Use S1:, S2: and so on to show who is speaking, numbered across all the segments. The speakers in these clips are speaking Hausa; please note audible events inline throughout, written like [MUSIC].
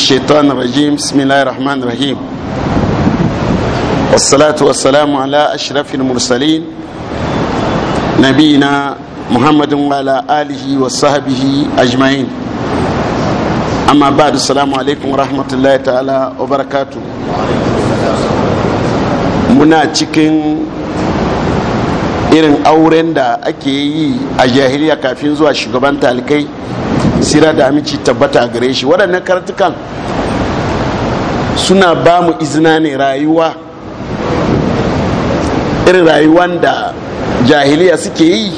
S1: الشيطان الرجيم بسم الله الرحمن الرحيم والصلاة والسلام على أشرف المرسلين نبينا محمد وعلى آله وصحبه أجمعين أما بعد السلام عليكم ورحمة الله تعالى وبركاته muna cikin irin auren da ake yi a jahiliya kafin zuwa shugaban talikai sira da aminci tabbata a gare shi waɗannan kartukan suna ba mu izina ne rayuwa irin rayuwan da jahiliya suke yi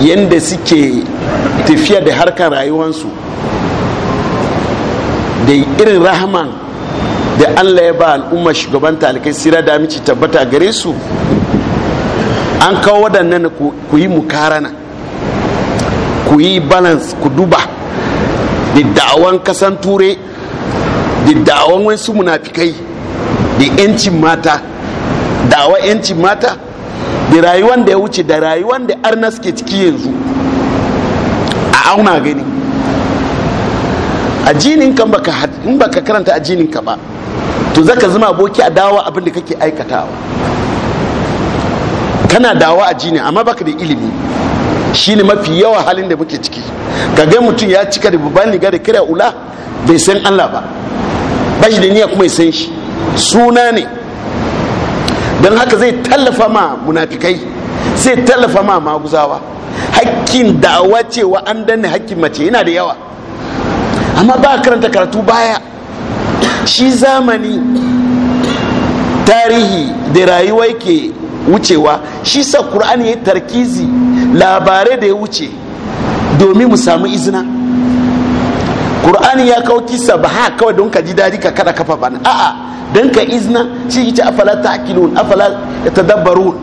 S1: yadda suke tafiya da harkar rayuwansu da irin rahman da allah ya ba al'umma shugaban talikai sira da aminci tabbata gare su an kawo waɗannan ku yi mukarana ku yi balance ku duba da da'awan kasan ture da'awan wasu munafikai da yancin mata da'awa yancin mata da rayuwan da ya wuce da rayuwan da arna suke ciki yanzu a auna gani a jinin kan baka in baka karanta jinin ka ba to zaka zama aboki a dawa abin da kake aikatawa kana dawa a jini amma baka da ilimi shine mafi yawa halin da muke ciki ga gai mutum ya cika da babban liga da kira ula bai san Allah ba ba shi da niyya kuma ya san shi suna ne don haka zai tallafa ma munafikai sai tallafa ma maguzawa hakkin da'awa cewa an danne hakkin mace yana da yawa amma ba karanta karatu baya shi zamani tarihi da rayuwa yake wucewa shi sa Kur'ani ya tarkizi labarai da ya wuce domin mu samu izina ƙur'ani ya kawo kisa ba ha kawai don ka ji dadi ka kada kafa ba a'a don ka izina shi ita afala akilun afala tadabbarun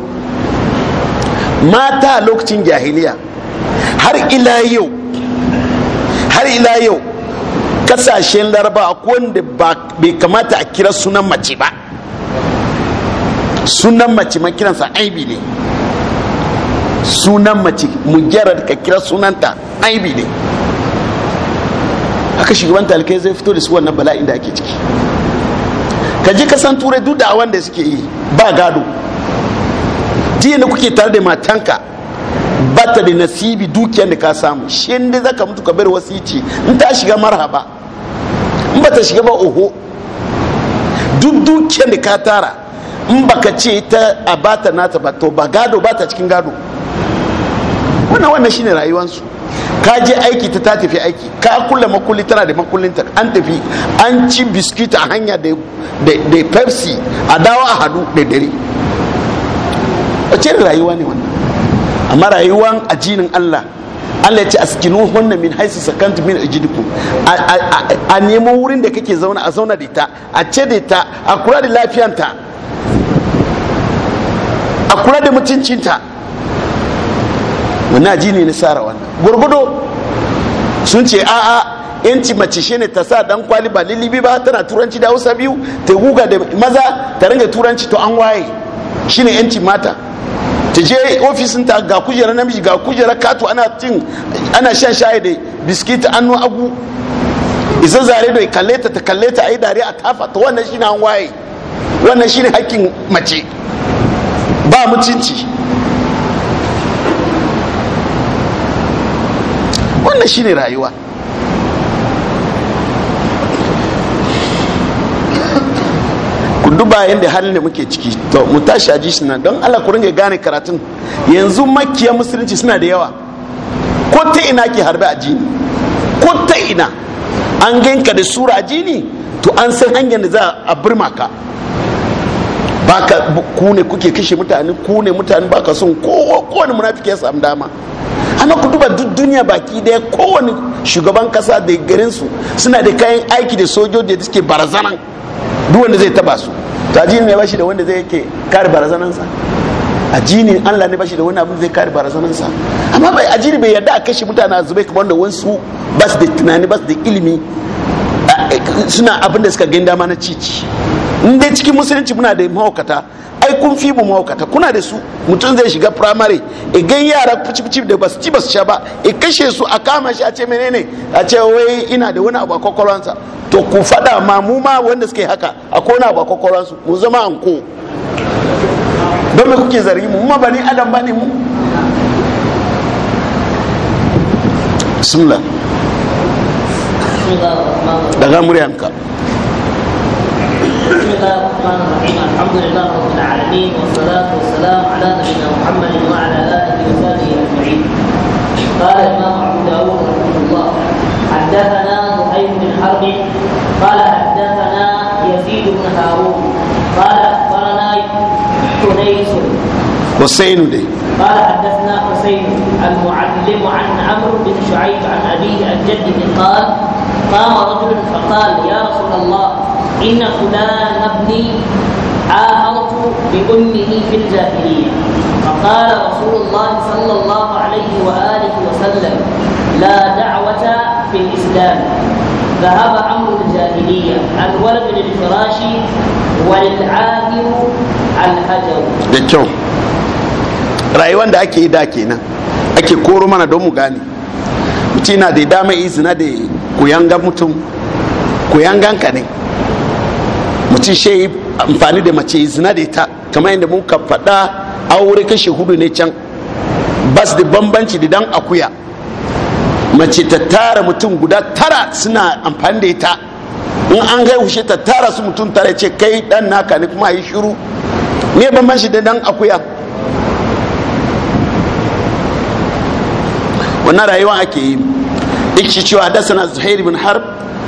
S1: mata lokacin jahiliya har ila yau har ila yau kasashen laraba wanda bai kamata a kira sunan mace ba sunan mace ma kiransa aibi ne sunan mace mujarar ka kira sunanta aibi ne haka shugaban talikai zai fito da su wannan bala'in da ake ciki ka ji ka san turai duk da wanda suke yi ba gado jiya da kuke tare da matanka ba ta da nasibi dukiyar da ka samu shi inda za ka mutu ka bar wasici in ta shiga marhaba in ba ta shiga ba oho duk dukiyar da ka tara in baka ce ta a bata nata ba to ba gado ba ta cikin gado wannan wannan shine rayuwansu ka je aiki ta ta tafi aiki ka kula makulli tana da makullinta an tafi an ci biskit a hanya da pepsi a dawo a hadu da dare wace rayuwa ne wannan amma rayuwan ajinin allah Allah ya ce askinu hunna min haisu sakantu min ajidikum a nemo wurin da kake zauna a zauna da ita a ce da ita a kula da lafiyanta a kula da mutuncinta wannan aji ne na sara wannan gurgudo sun ce a'a yanci mace shi ne ta sa dan kwali ba lilibi ba tana turanci da hausa biyu ta guga da maza ta ringa turanci to an waye ne yanci mata ta je ofisin ta ga kujera namiji ga kujera katu ana cin ana shan shayi da biskit annu agu isa zare da kalle ta ta kalle ta ayi dare a tafa to wannan shi ne an waye wannan shi ne hakkin mace ba mutunci wannan shine rayuwa ku duba yadda halin da muke ciki to mu tashi a jishin nan don allah ku ringa gane karatun yanzu makiya musulunci suna da yawa ko ta ina ke harbe a jini ko ta ina an ganka da sura a jini to an san hanyar da za a birma ka baka ku ne kuke kashe mutane ku ne mutane baka son kowane munafiki ya samu dama ana ku duba duk duniya baki daya kowane shugaban kasa da garin su suna da kayan aiki da sojoji da suke barazanan duk wanda zai taba su to ajini ne bashi da wanda zai yake kare sa a Allah ne bashi da wani abin zai kare sa amma bai ne bai yarda a kashe mutane a zube kamar da wasu ba su da tunani ba su da ilimi suna abin da suka gani dama na cici in dai cikin musulunci muna da mahaukata ai kun fi mu maukata kuna da su mutum zai shiga primary igan yara fici-fici da basu ci basu sha ba i kashe su a kama shi a ce menene a ce wai ina da wani abu a kwakwalwansa to ku fada ma mu ma wanda suke haka a kona abu a kwakwalwansu ku zama ko don me kuke zargi mu ma bani adam ba ne mu bismillah daga muryanka
S2: بسم الحمد لله رب العالمين والصلاة والسلام على نبينا محمد وعلى آله وصحبه أجمعين. قال الإمام أبو داود رحمه الله حدثنا زهير بن حرب قال حدثنا يزيد بن هارون قال أخبرنا أنيس حسين قال حدثنا حسين المعلم عن عمرو بن شعيب عن أبيه عن جده قال قام رجل فقال يا رسول الله إن فلان ابني عاهرت بأمه في الجاهلية فقال رسول الله صلى الله عليه وآله وسلم لا دعوة في الإسلام ذهب أمر الجاهلية الولد للفراش وللعاهر الحجر
S1: دكتور rayuwar da ake yi da kenan ake koro mana don mu gane mutum na da dama izi na da kuyangan mutum kuyangan ka ne mutum shi amfani da mace zina da ita kamar yadda muka faɗa aure kashe hudu ne can bas da bambanci da dan akuya mace ta tara mutum guda tara suna amfani da ita in an kai hushe ta tara su mutum tara ce kai dan naka ne kuma yi shiru me bambanci da dan akuya wannan rayuwa ake yi ikshi cewa dasana zuhair bin harb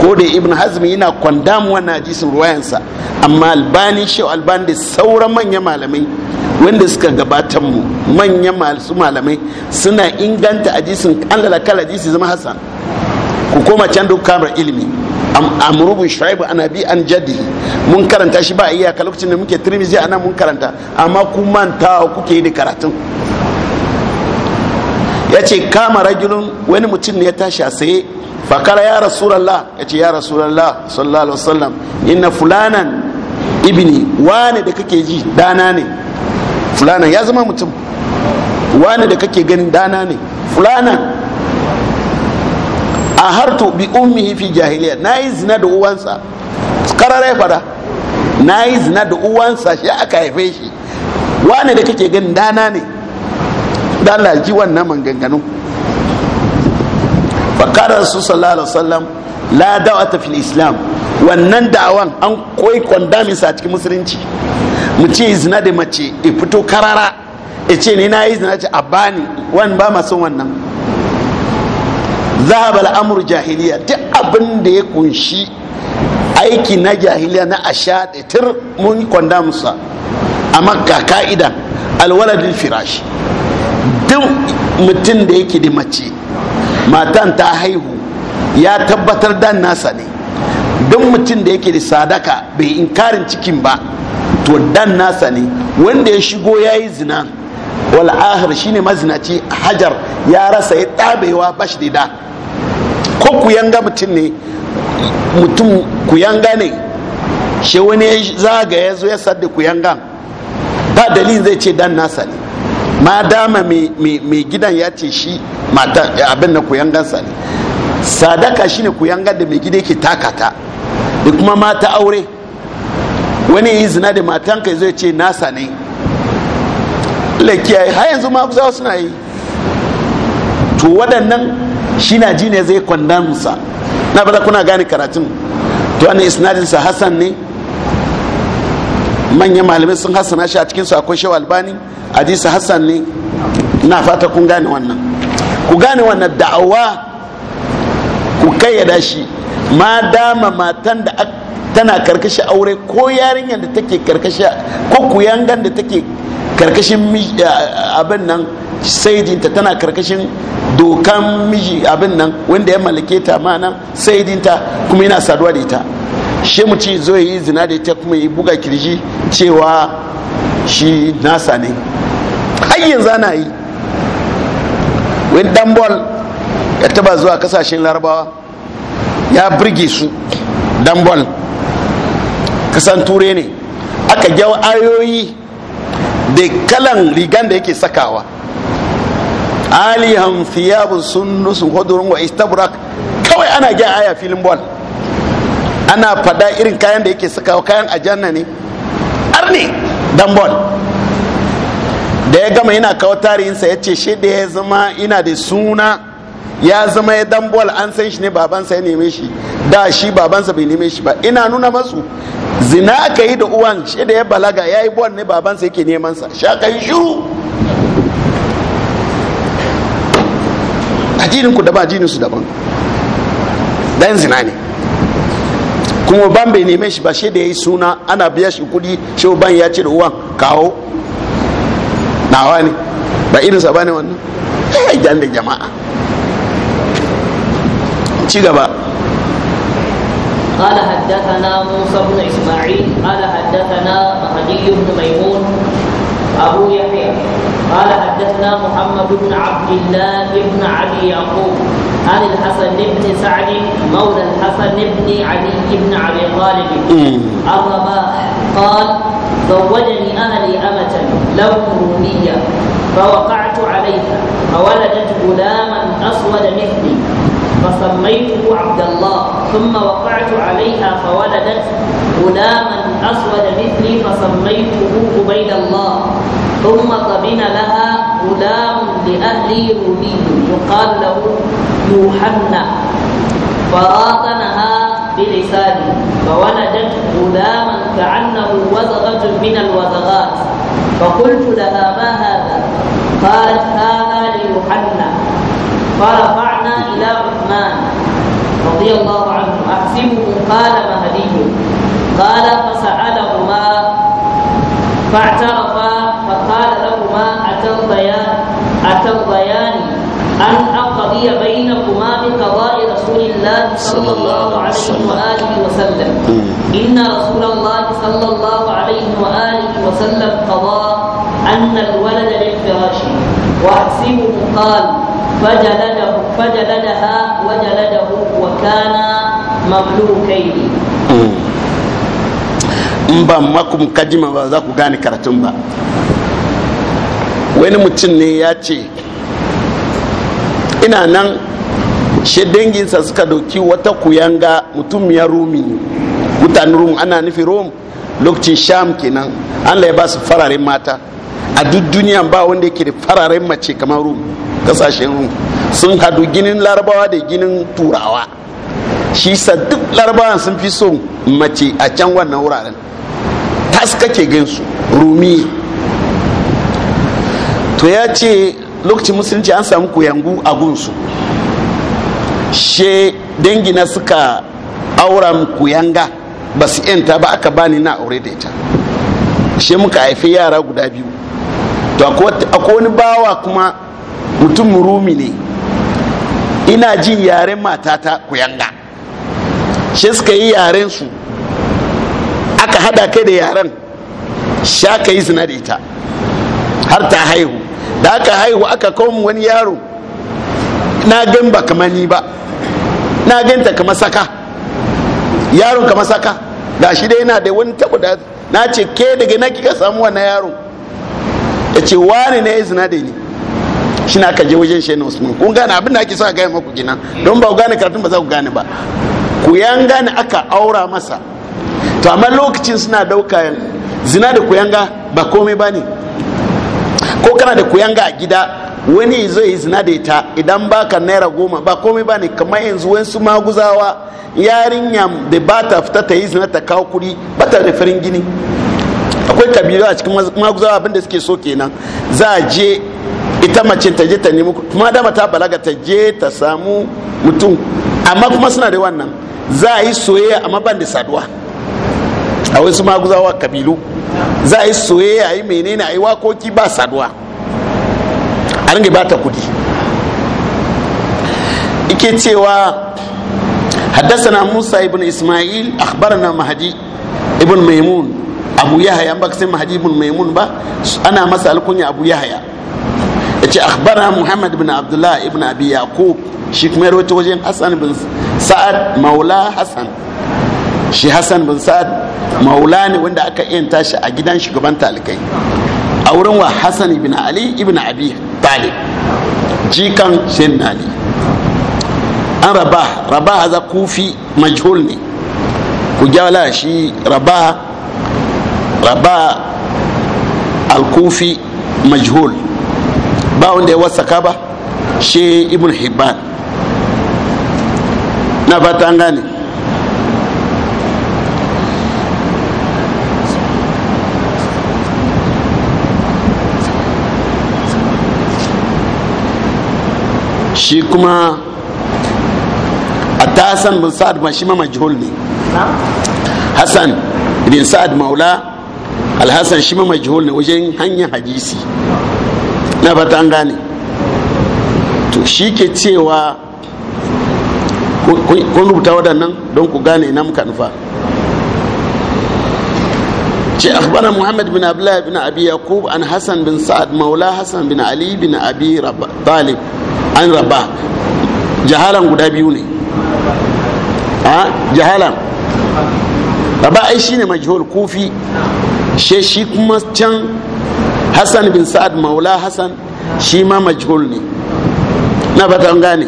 S1: ko da ibn hazmi yana kwandam wa najisin ruwayansa amma albani shehu albani da sauran manyan malamai wanda suka gabatan mu manyan masu malamai suna inganta ajisin kallala kala hadisi zama hasan ku koma can duk kamar ilimi amrubu shaibu ana bi an jaddi mun karanta shi ba iyaka lokacin da muke tirmizi anan mun karanta amma ku ta kuke yi da karatun ya ce kama ragilun wani mutum ne ya tashi a saye fakara ya rasulallah ya ce ya rasulallah sallallahu alaihi wasallam inna fulanan ibni wane da kake ji dana ne fulanan ya zama mutum wane da kake ganin dana ne fulanan a harto bi ummihi fi jahiliya na yi zina da uwansa karara ya fada na yi zina da uwansa shi aka haife shi wane da kake ganin dana ne dan laji wannan manganganu fakarar su sallallahu wasallam la da'wata fil islam wannan da'awan an koyi kwandamin sa cikin musulunci mu ce izina da mace e fito karara e ce ni na yi izina ce a bani wani ba masu wannan bala amur jahiliya duk abin da ya kunshi aiki na jahiliya na asha da tir mun kwandamusa a makka ka'idan alwaladin firashi duk mutum da yake da mace matan ta haihu ya tabbatar dan nasa ne don mutum da yake da sadaka bai inkarin cikin ba to dan nasa ne wanda ya shigo ya yi zina wal shi shine mazinaci hajar ya rasa ya ɗabewa shi da ko kuyanga mutum ne mutum kuyanga ne shi wani zagaya zo ya sadda kuyanga ba dalilin zai ce dan nasa ne ma dama mai gidan ya ce shi abin na gansa ne sadaka shine kuyangar da mai gida yake takata da kuma mata aure wani yi zina da matanka zai ce nasa ne lakiyayi har yanzu ma za suna yi to waɗannan shi na ji ne zai kwandansa na bada kuna gane karatun to wani isnadinsa hassan ne manyan malamai sun hassana shi a cikin su akwai shehu albani hadisi hassan ne na fata kun gane wannan ku gane wannan da'awa ku kayyada shi ma dama matan da tana karkashi aure ko yarinyar da take karkashi ko kuyangan da take karkashin abin nan sai tana karkashin dokan miji abin nan wanda ya mallake ta ma nan sai kuma yana saduwa da ita shi mutum zo yi zina da ita kuma yi buga kirji cewa shi nasa ne har yanzu ana yi wani dan bol ya taba zuwa kasashen larabawa ya birge su dan bol kasan ture ne aka jawo ayoyi da kalan rigan da yake sakawa fiyabun sun sunnusun hudurin wa istabrak kawai ana gyan aya filin bol ana fada irin kayan da yake sakawa kayan ajanna ne arni dan bol da ya gama yana kawo tarihinsa ya ce shi da ya zama ina da suna ya zama ya dan bol an san shi ne babansa ya neme shi da shi babansa bai neme shi ba ina nuna masu zina aka yi da uwan shi da ya balaga ya yi bol ne babansa yake neman sa shi aka yi shuru addinin ku daban addinin su daban dan zina ne kuma ban bai neme shi ba shi da ya yi suna ana biya shi kudi shi ban ya ce da uwan kawo nawa ne ba irinsa ba ne wannan ya da jama'a ci gaba
S2: قال حدثنا موسى بن اسماعيل قال حدثنا مهدي بن ميمون أبو يحيى قال حدثنا محمد بن عبد الله بن علي يعقوب عن الحسن بن سعد مولى الحسن بن علي بن أبي طالب الرباح قال زوجني أهلي أمة له رومية فوقعت عليها فولدت غلاما أسود مثلي فسميته عبد الله ثم وقعت عليها فولدت غلاما أسود مثلي فسميته عبيد الله ثم طبن لها غلام لأهلي رومي يقال له يوحنا فراطنها بلساني فولدت غلاما كأنه وزغة من الوزغات فقلت لها ما هذا قالت هذا ليوحنا فرفعت رفعنا إلى عثمان رضي الله عنه أحسبه قال مهدي قال فسألهما فاعترفا فقال لهما أترضيان أترضيان أن أقضي بينكما بقضاء رسول الله صلى الله عليه وآله وسلم إن رسول الله صلى الله عليه وآله وسلم قضى أن الولد للفراش وأحسبه قال فجلده فجلدها وجلده وكان مملوكين
S1: in hmm. ba maku mukaddima ba za ku gane karatun ba wani mutum ne ya ce ina nan shi danginsa suka doki wata kuyanga mutum ya rumi mutanen rum ana nufi rum lokacin sham kenan allah ya ba su fararen mata a duk duniya ba wanda yake da fararen mace kamar rum kasashen rum sun hadu ginin larabawa da ginin turawa shi sa duk larabawan sun fi son mace a can wannan wuraren tas ke gansu rumi to ya ce lokacin musulunci an samu koyangu a gunsu she dangina suka auren kuyanga ba su yanta ba aka bani na aure da ita she muka haifi yara guda biyu to akwai wani bawa kuma mutum rumi ne ina jin yaren matata ku yanga shi suka yi yaren su aka hada kai da yaren sha ka yi zina da ita har ta haihu da aka haihu aka kawo wani yaro na gan ba kama ni ba na ganta kama saka yaron kama saka ga shi dai yana da wani taɓa da na ce ke daga na kika samu wannan yaron ya ce wani ne ya zina da ni shi na kaje wajen shi na usman kun gane abin da ake so a gaya maku gina don ba ku gane karatun ba za ku gane ba ku yan gane aka aura masa to amma lokacin suna dauka zina da kuyanga ba komai ba ne ko kana da kuyanga a gida wani zai yi zina da ita idan baka naira goma ba komai ba ne kamar yanzu wasu maguzawa yarinya da ba ta fita ta yi zina ta kawo kuɗi ba ta da farin gini akwai kabilu a cikin maguzawa abinda suke so kenan za a je ita mace ta je ta nemi kuma dama ta balaga ta je ta samu mutum amma kuma suna da wannan za a yi soyayya amma ban da saduwa a wasu maguzawa kabilu za a yi soyayya yi menene a yi wakoki ba saduwa a ringa ba ta kudi ike cewa حدثنا موسى بن اسماعيل اخبرنا mahadi ibn maimun abu yahaya ba ka san mahajibul maimun ba ana masa alkunya abu yahaya ya ce akhbara muhammad bin abdullah ibn abi yaqub shi kuma rawaito wajen hassan bin sa'ad maula hassan shi hassan bin sa'ad maula ne wanda aka yanta shi a gidan shugaban talikai a wurin wa hassan ibn ali ibn abi talib jikan shin ne. an raba rabah za kufi majhul ne ku gyala shi raba raba alkufi majhul ba wanda ya wasaka ba shi ibn hibban na ba ta gane shi kuma a ta hassan bin sa'ad ma shi ma majhul ne hassan bin sa'ad maula alhassan shi ma majhul ne wajen hanyar hadisi na fata an gane to shi ke cewa kun rubuta waɗannan don ku gane na muka nufa ce akhbara muhammad bin abdullahi bin abi yaqub an hasan bin sa'ad maula hasan bin ali bin abi talib an rabba jahalan guda biyu ne a jahalan rabba ai shine majhul kufi she shi kuma can hassan bin sa'ad maula hassan shi ma majhul ne na ba gane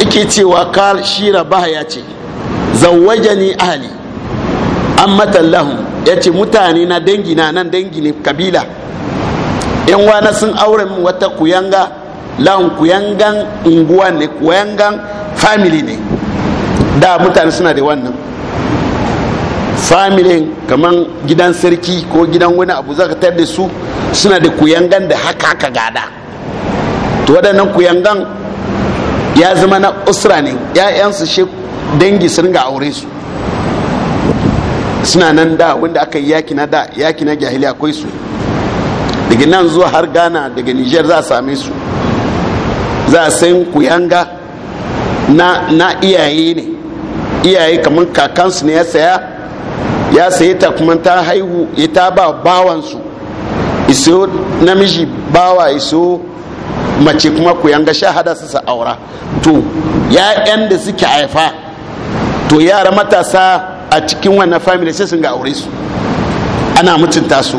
S1: ike cewa kal shira ya ce zawajani ahli an matallahu ya ce mutane na dangi na nan dangi ne kabila yan wana sun aure min wata kuyanga laun kuyangan unguwa ne kuyangan family ne da mutane suna da wannan familin kamar gidan sarki ko gidan wani abu zaka ka da su suna da kuyangan da haka haka gada to waɗannan kuyangan ya zama na usra ne ya'yansu shi dangi sun ga aure su suna nan da wanda aka yi yaki na da yaki na jahiliya akwai su daga nan zuwa har ghana daga niger za a same su za a san kuyanga na iyaye ne iyaye kamar kakansu ne ya saya ya sai ta kuma ta haihu ya ta ba bawansu iso namiji bawa iso mace kuma ku yanga hada su sa aura to ya yan da suke haifa to yara matasa a cikin wannan family sai sun ga aure su ana mutunta su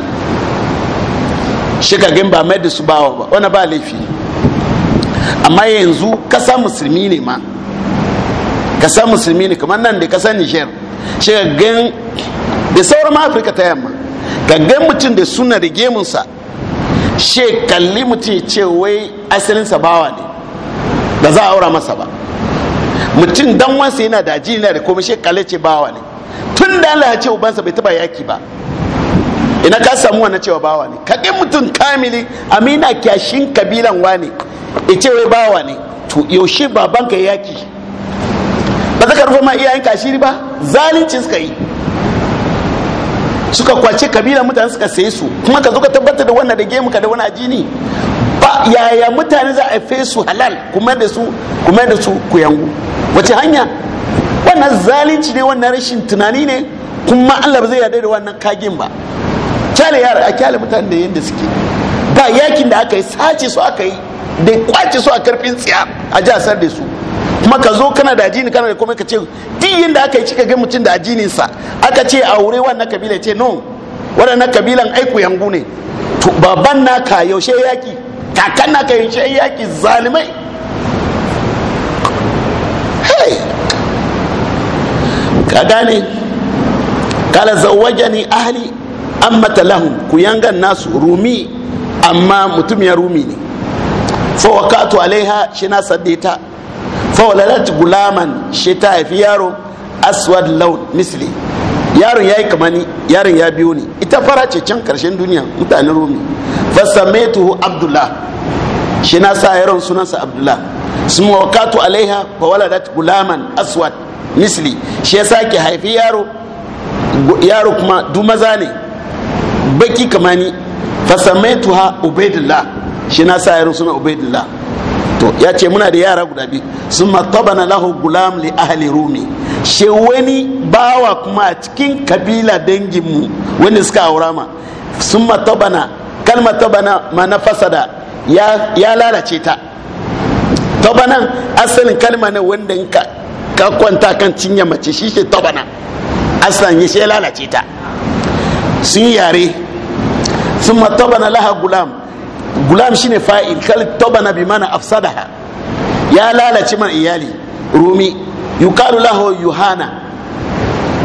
S1: shigagin ba mai da su bawa ba wani ba laifi amma yanzu kasa musulmi ne ma kasa musulmi ne kamar nan da kasa niger gan. da sauran afirka ta yamma gangan mutum da suna da gemunsa she kalli mutum ce wai asalinsa bawa ne ba za a aura masa ba mutum dan wansa yana da ajiyar yana da komai she kalli ce bawa ne tun da Allah ya ce ubansa bai taba yaki ba ina ka samu wannan cewa bawa ne kaɗin mutum kamili amina kyashin kabilan ya ce wai bawa ne to yaushe babanka yaki ba za ka rufe ma iyayen kashiri ba zalunci suka yi suka kwace kabila mutane suka sai su kuma ka zo ka tabbatar da wannan da gemu ka da wani ajini ba yaya mutane za a fe su halal kuma da su kuma da su ku yangu wace hanya wannan zalunci ne wannan rashin tunani ne kuma Allah ba zai yarda da wannan kagin ba kyale yara a kyale mutane da yanda suke ba yakin da aka yi sace su aka yi da kwace su a karfin tsiya a jasar da su kuma ka zo kana da ajini kana da komai ka ce duk yadda aka yi cika ga mutum da sa aka ce a wuri wani kabila ce no waɗannan kabilan aiku yangu ne to baban naka yaushe yaki kakan ka yaushe yaki zalimai hey ka gane kala ne ahli mata lahun ku yangan nasu rumi amma mutum ya rumi ne fa wakatu alaiha shi na sadeta fawaladat gulaman shi ta haifi yaro aswad laun misli yaron ya yi kamani yaron ya biyo ni ita fara ce can karshen duniya mutanen rumi tuhu abdullah shi na sa yaron sunansa abdullah suma wakatu alaiha fawaladat gulaman aswad misli shi ya sake haifi yaro yaro kuma du maza ne baki kamani fasametuha ubaidullah shi na sa yaron suna ubaidullah to ya ce muna da yara guda biyu sun matabana lahu gulam li ahli rumi she wani bawa kuma a cikin kabila danginmu wanda suka aura ma sun matabana kalma tabana ma na fasada ya lalace ta tabanan asalin kalma ne wanda ka kwanta kan cinye mace shi ce tabana asalin shi ya lalace ta sun yare sun matabana laha gulam gulam shine fa'il kal tabana bi mana afsadaha ya lalace man iyali rumi yukalu lahu yuhana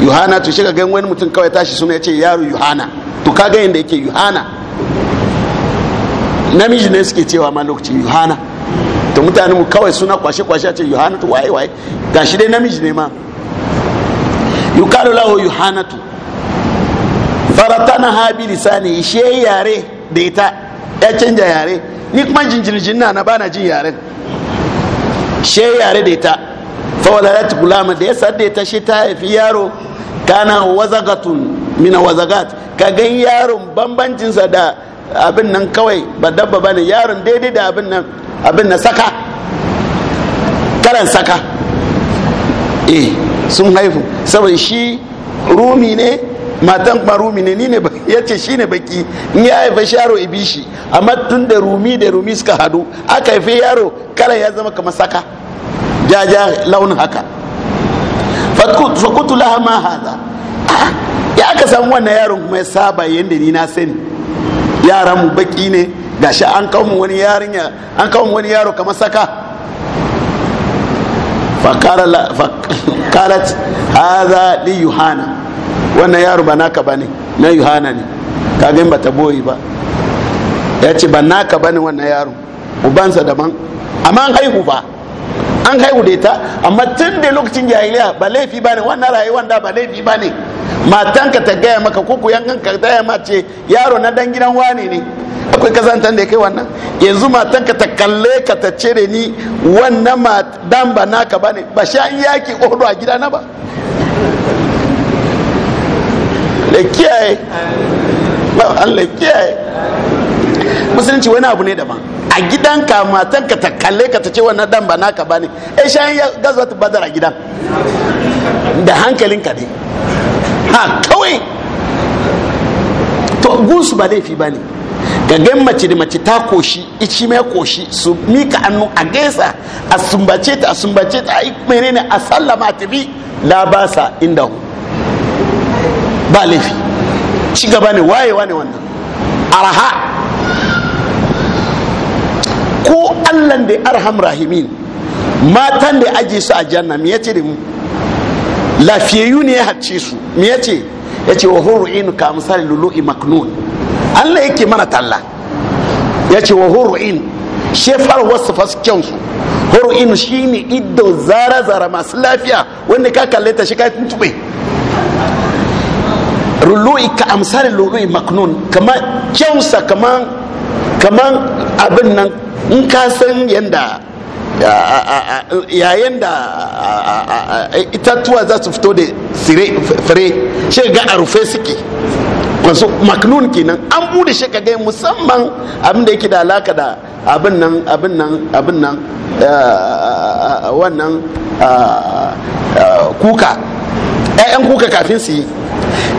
S1: yuhana to shi ga wani mutum kawai tashi suna yace yaro yuhana to kaga yanda yake yuhana namiji ne suke cewa ma lokacin yuhana to mutane mu kawai suna kwashe kwashe a ce yuhana to waye waye gashi dai namiji ne ma yukalu lahu yuhana to faratana ha lisani shi yare da ita ya canja yare ni kuma jinjirjin na na bana jin yaren she yare da ita fawalarat gulama da ya sadda ta shi ta haifi yaro kana wazagatun mina wazagat ka gan yaron bambancinsa da abin nan kawai ba dabba ba ne yaron daidai da abin nan abin na saka karan saka eh sun haifu saboda shi rumi ne matan ba rumi ne ni ne ya ce shi ne baki in ya haifa yaro ibi shi amma tun da rumi da rumi suka hadu aka haifi yaro karan ya zama kamar saka jaja launin haka fakutu laha ma haza ah, ya aka samu wannan yaron kuma ya saba yadda ni na sani yaran mu baki ne gashi an kawo wani yarinya an kawo wani yaro kamar saka fakarat [LAUGHS] haza li yuhana wannan yaro ba naka bane na yohana ne gani ba ta boye ba ya ce ba naka bane wannan yaro ubansa daban amma an haihu ba an haihu da ita amma tun da lokacin jahiliya ba laifi ba ne wannan rayuwar da ba laifi ba ne matanka ta gaya maka kuku yankan ka gaya ma ce yaro na dan gidan wane ne akwai kazantar da kai wannan yanzu matanka ta kalle ka ta cire ni wannan dan ba naka ba ne ba sha yaki odo a gidana ba Allah kiyaye Allah kiyaye musulunci wani abu ne daban a gidanka matanka ta kalle ka ta ce wannan dan ba naka bane eh shan ya gaza ta badar a gidan da ka ne ha kawai to gunsu ba laifi bane ga gan mace da mace ta koshi ichi mai koshi su mika hannu a gaisa a sumbace ta a sumbace ta a menene a sallama bi labasa inda hu ba laifi ci gaba ne wayewa ne wannan araha ko allan da arham rahimin matan da aje su a janna me yace da mu lafiyayyu ne ya hacce su me yace yace wa huru in ka amsal lulu'i maknun allah yake mana talla yace wa huru in shefar wasu fasken su huru in shine iddo zara zara masu lafiya wanda ka kalle ta shi ka tuntube lulu'i ka amsar lulu'i maknun kamar kyausa kamar kamar abin nan in ka san yanda yayin da itatuwa za su fito da fure shi ga a rufe suke wasu maknun kenan an bude shi kaga musamman abin da yake da alaka da abin nan abin nan abin nan wannan kuka 'ya'yan kuka kafin su yi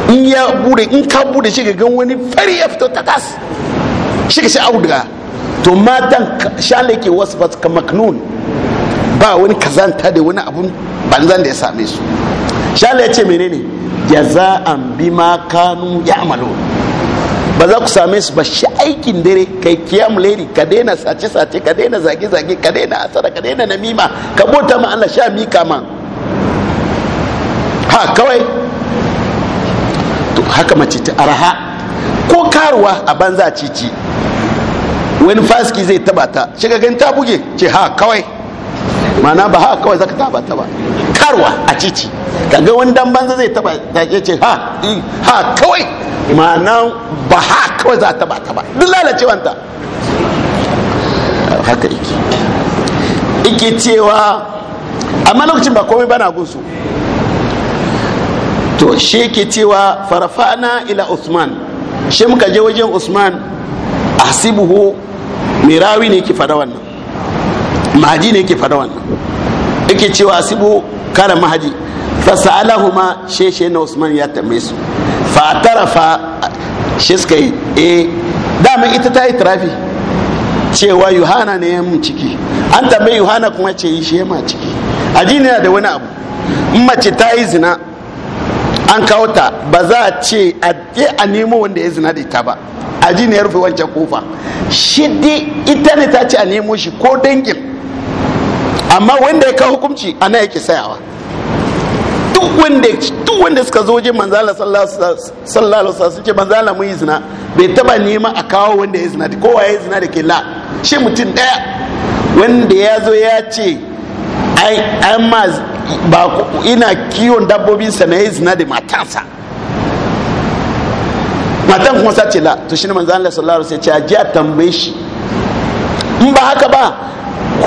S1: in ya bude in ka bude shi ga wani fari ya fito takas shi ka sha auduga to matan shalai ke wasu ba ka maknun ba wani kazanta da wani abun banzan da ya same su ne ya za menene bi bima kanu amalo ba za ku same su ba shi aikin dare kai kiyam lady ka daina sace sace ka daina zage zage ka daina asara ka daina namima ka bota ma Allah sha mika ma ha kawai haka mace ta araha ko karuwa a banza cici wani faski zai taba ta shiga gan ta buge ce ha kawai mana ba ha kawai zaka taba ta ba karuwa a cici kaga wani dan banza zai taba ta ke ce ha ha kawai mana ba ha kawai za ta ba ta ba duk wanta haka iki iki cewa amma lokacin ba komai bana gunsu to shi ke cewa farfana ila usman shi muka je wajen usman ahsibuhu mirawi ne ke fada wannan mahaji ne ke fada wannan yake cewa sibu kara mahaji fasalahuma sheshe na usman ya tambaye su fa shi suka yi e dama ita ta yi tarafi cewa yohana ne ya mun ciki an tambayi yohana kuma ce yi shi ya ma ciki aji ne da wani abu mace ta yi zina an kawo ta ba za a ce a je a nemo wanda ya zina da ita ba a ji ne ya rufe wancan kofa shi ita ne ta ce a nemo shi ko dangin amma wanda ya kawo hukunci ana yake sayawa duk wanda duk wanda suka zo jin manzala sallallahu alaihi wasallam suke manzala mun yi zina bai taba nema a kawo wanda ya zina kowa ya zina da ke la shi mutum ɗaya wanda ya zo ya ce ai an ma ba ina kiwon sa na yin zina da matansa matan kuma ce la to shi ne manzan Allah sallallahu alaihi wasallam ya ce a tambaye shi in ba haka ba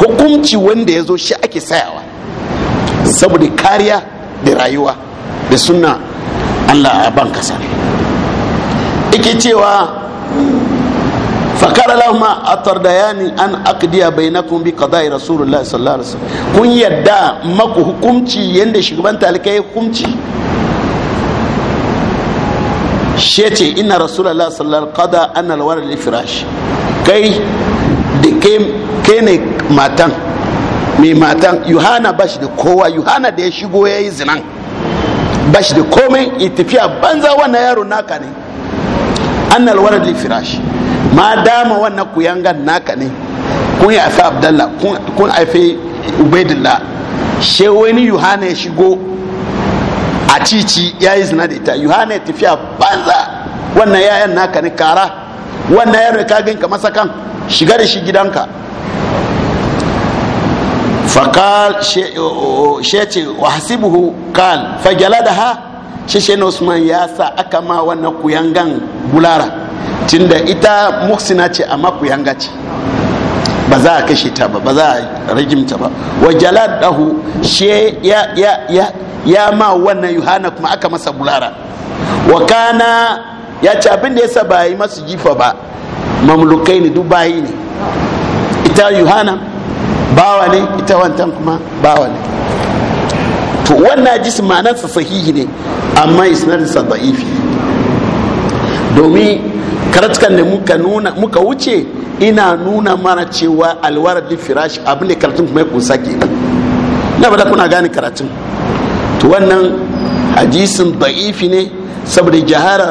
S1: hukunci wanda ya zo shi ake sayawa saboda kariya da rayuwa da sunna Allah a ban kasa ike cewa fakara lahuma a tardayani an akdiya bai na kun bi kadai rasulullah sallallahu alaihi wasallam kun yadda maku hukumci yadda shugaban talika ya hukumci shi ce ina rasulullah sallallahu kada an alwar firash kai da kai ne matan mai matan yohana ba shi da kowa yohana da ya shigo ya yi zinan ba shi da komai ya tafiya banza wannan yaro naka ne an da firashi ma dama wannan yangan naka ne kun yi afi abdalla kun haifi ubaidilla she wani yohane ya shigo a cici ya yi zina da ita yohane ya tafiya banza wannan yayan naka ne kara wannan yaro ka ka masa kan shiga da shi gidanka fakal she ce wa hasibuhu kal fagyala da ha shi shi usman ya sa aka ma wannan kuyangan bulara tunda ita muhsina ce amma yanga ce ba za a kashe ta ba ba za a rajimta ba wa jalad dahu she ya ya ya ya ma wannan yohana kuma aka masa bulara wa kana ya ci abin da yasa ba yi masu jifa ba mamlukai ne duk bayi ne ita yohana bawa ne ita wantan kuma bawa ne to wannan jismanansa sahihi ne amma isnadinsa da'ifi domin karatukan da muka nuna muka wuce ina nuna mana cewa alwara da firashi abin da karatun kuma ya kusa kenan na bada kuna gane karatun to wannan hadisin ba'ifi ne saboda jahara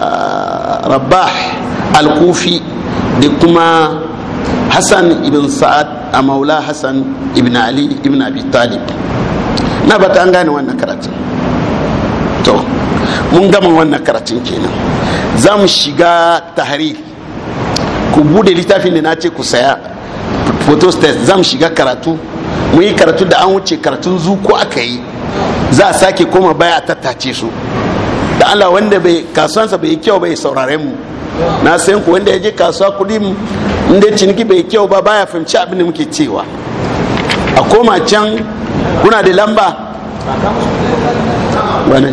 S1: ah, rabah alkufi da kuma hassan ibn sa'ad a maula hassan ibn ali ibn abi talib na bata an gane wannan karatun to mun gama wannan karatun kenan za mu shiga tahari ku bude littafin da na ce ku saya photostat za mu shiga karatu mu yi karatu da an wuce karatun zuku aka yi za a sake koma baya a tattace su da Allah wanda bai kasuwansa bai kyau bai saurare mu na sayan ku wanda ya je kasuwa kudi inda ciniki bai kyau ba baya fahimci abin da muke cewa a koma can kuna da lamba wane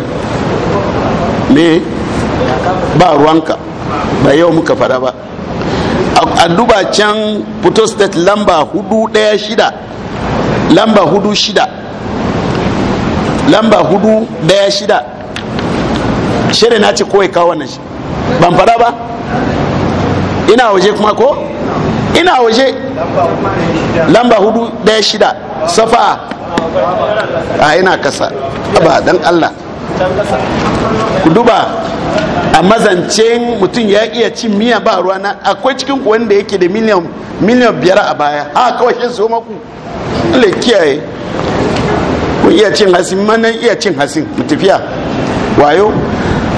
S1: me ba ruwanka ba yau muka fara ba a duba can puto state lamba hudu daya shida lamba hudu shida lamba hudu daya shida shirin na ce kawai kawo wannan shi ban fada ba ina waje kuma ko ina waje lamba hudu daya shida safa a ina kasa ba dan allah ku duba a zancen mutum ya iya cin miya ba ruwa na akwai cikin ku wanda yake da miliyan miliyan biyar a baya a kawai shi so maku le kiyaye ku iya cin hasin manan iya cin hasin mu tafiya wayo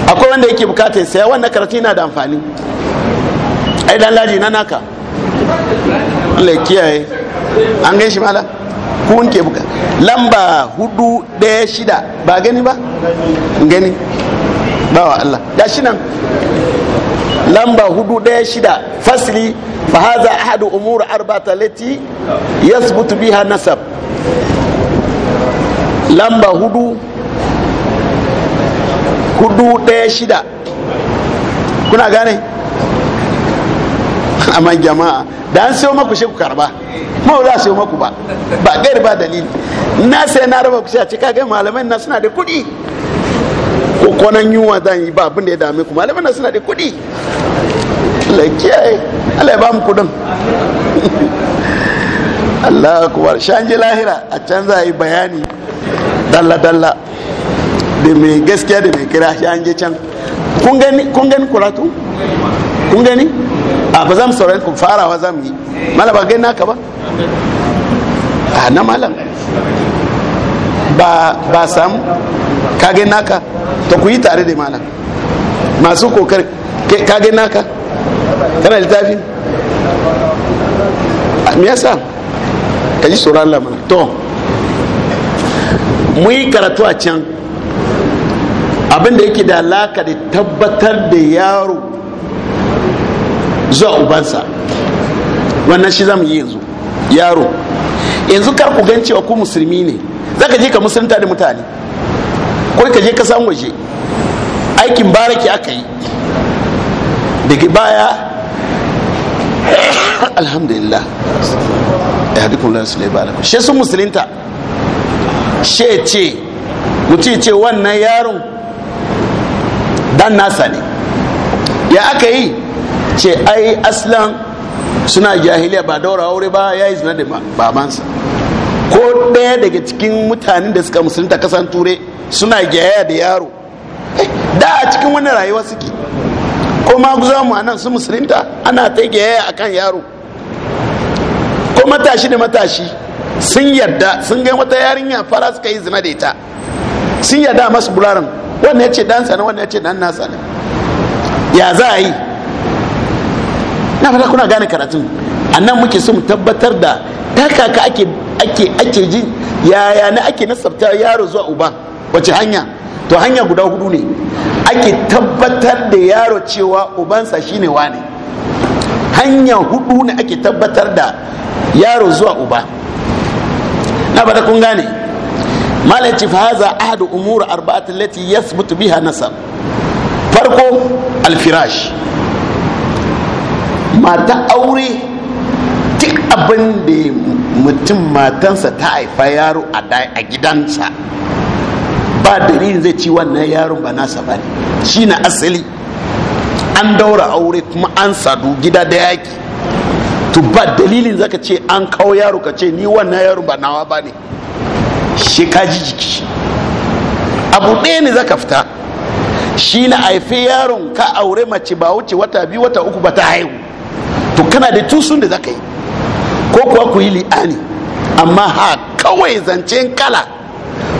S1: akwai wanda yake bukata ya saya wannan karatu yana da amfani ai dan laji na naka le kiyaye an gan shi Ku kun ke buka lamba hudu daya shida ba gani ba gani bawa Allah gashi nan lamba hudu daya shida fasli fa hadha ahadu umur arbata lati yathbutu biha nasab lamba hudu hudu daya shida kuna gane [LAUGHS] amma jama'a da an sayo maku shi ku karba ma za a sayo maku ba ba gairi ba dalili na sai na raba ku sai a ce malamai na suna da kuɗi kwanan yunwa zan yi ba abin da ya dame ku na suna da kuɗi Allah kiyaye Allah ya ba mu kuɗin [LAUGHS] Allah kuwa shan ji lahira a can za a yi bayani dalla-dalla da mai gaskiya da mai kira shan ji can kun gani kuratu? kun gani? a ba zan sauran ku farawa zan yi malaba gani naka ba? a na malam ba samu kage naka to ku yi tare da malam masu kokar kage naka kana littafi ah, me yasa ka ji tsoron Allah mana to mu yi karatu a can abin da yake da alaka da tabbatar da yaro zuwa ubansa wannan shi zamu yi yanzu yaro yanzu kar ku gan cewa ku musulmi ne zaka je ka musulunta da mutane ko ka je ka san waje aikin baraki aka yi daga baya [COUGHS] alhamdulillah ya haɗi kuma lansu lai baraka shi sun musulinta she ce mutu ce wannan yaron dan nasa ne ya aka yi ce ai aslan suna jahiliya ba daura aure ba ya yi zina da babansa ko ɗaya daga cikin mutanen da suka musulunta kasan ture suna gyaya da yaro eh, da a cikin wani rayuwa suke ko maguza mu anan su musulunta ana ta gyaya akan yaro ko matashi da matashi sun yarda sun ga wata yarinya fara suka yi zina da ita sun yarda masu bularin wanda ya ce dan sana wannan ya ce dan nasa ne ya za a yi na fata kuna gane karatun annan muke so mu tabbatar da ta kaka ake ake ake ji yaya na ake nasabta yaro zuwa uba wace hanya to hanya guda hudu ne ake tabbatar da yaro cewa ubansa shine wane hanya hudu ne ake tabbatar da yaro zuwa uba na bada kun gane malaci fa haza ahadu umur arba'at allati yathbutu biha nasab farko alfirash mata aure duk abin da mutum matansa ta haifa yaro a gidansa ba dalilin zai ci wannan yaron ba nasa ba ne shi na asali an daura aure kuma an sadu gida da yaki to ba dalilin zaka ce an kawo yaro ka ce ni wannan yaro ba nawa ba ne shi ka ji jiki abu ɗaya ne zaka fita shi na haifi yaron ka aure mace ba wuce wata biyu wata uku ba ta haihu to kana da tusun da zaka yi ko kuwa ku yi li'ani amma ha kawai zancen kala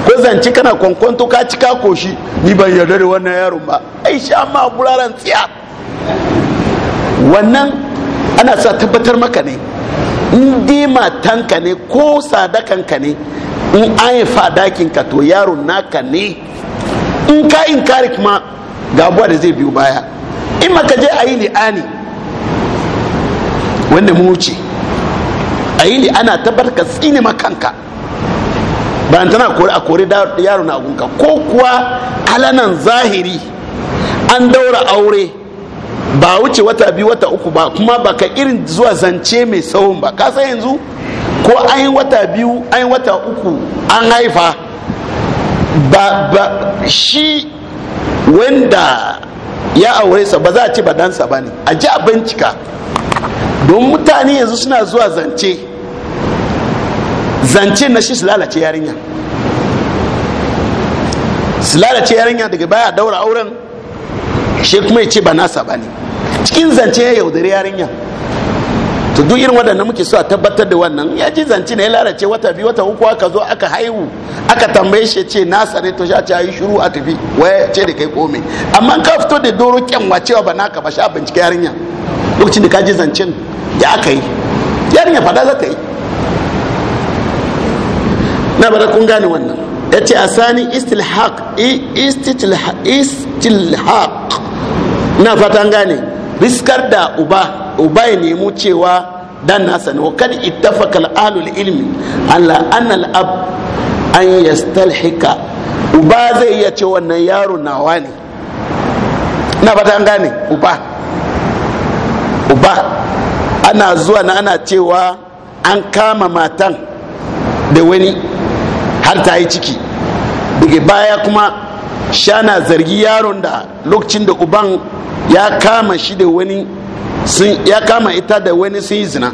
S1: ko zance kana kwankwanto ka cika koshi ni ban yarda da wannan yaron ba ai sha ma bularan tsiya wannan ana sa tabbatar maka ne in dai matanka ne ko sadakanka ne in an fadakin ka to yaron naka ne in ka in kuma ga abuwa da zai biyo baya in maka je a yi li'ani wanda mu wuce a yi li'ana tabbatar ka tsine makanka bayan tana kore a kore yaro na agunka ko kuwa alanan zahiri an daura aure ba wuce wata biyu wata uku ba kuma baka irin zuwa zance mai tsawon ba ka san yanzu ko an wata biyu an wata uku an haifa ba ba shi wanda ya aure sa ba za a ce ba dansa ba ne a ji a bincika don mutane yanzu suna zuwa zance zance na shi su lalace yarinya su lalace yarinya daga baya daura auren shi kuma ya ce ba nasa ba ne cikin zance ya yaudari yarinya to duk irin waɗanda muke so a tabbatar da wannan ya ji zance ne ya lalace wata biyu wata uku aka zo aka haihu aka tambaye shi ce nasa ne to sha ce yi shiru a tafi waya ce da kai kome amma ka fito da doro kyanwa cewa ba naka ba sha bincike yarinya lokacin da ka ji zancen ya aka yi yarinya fada za ta yi na bara kun gane wannan ya ce a sani istilhaq istilhaq na fata gane riskar da uba uba ya nemo cewa dan nasa ne wa kad ittafaqa al ilmi ala an al ab an yastalhika uba zai iya ce wannan yaro nawa ne na fata gane uba uba ana zuwa na ana cewa an kama matan da wani har ta yi ciki daga baya kuma shana zargi yaron da lokacin da uban ya kama shi da wani sun ya kama ita da wani sun yi zina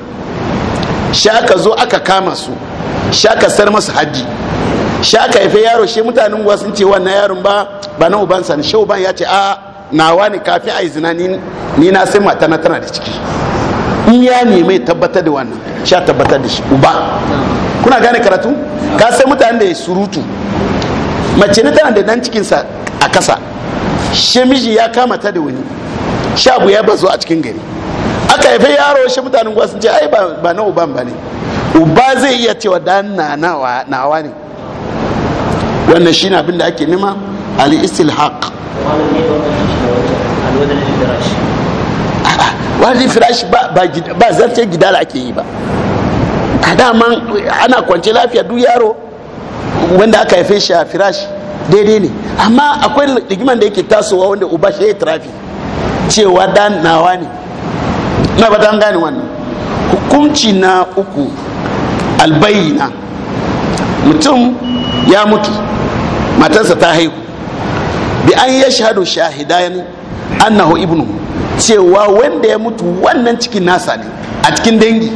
S1: shaka zo aka kama su shaka sar masu sha shaka haife yaro shi mutanen gwa sun ce wannan yaron ba ba na ubansa ne shi uban ya ce a nawa ne kafin a yi zina ni na sai mata na tana da ciki in ya nemi tabbatar da wannan sha tabbatar da shi uba kuna gane karatu ka sai mutane da ya surutu mace ne tana da dan cikinsa a kasa shemiji miji ya kama ta da wani sha abu ya bazo a cikin gari aka haife yaro shi mutanen gwa sun ce ai ba na uban ba ne uba zai iya cewa dan na nawa ne wannan shi abin da ake nema al-istilhaq wani firashi ba zarce gida da ake yi ba a daman ana kwance lafiya duk yaro wanda aka haife shi a firashi daidai ne amma akwai rigiman da yake tasowa wanda uba shi ya trafi cewa dan nawa ne na ba dan gane wannan hukunci na uku albayina mutum ya mutu matarsa ta haihu bi an ya shahadu shahidani annahu ibnu. cewa wanda ya mutu wannan cikin nasa ne a cikin dangi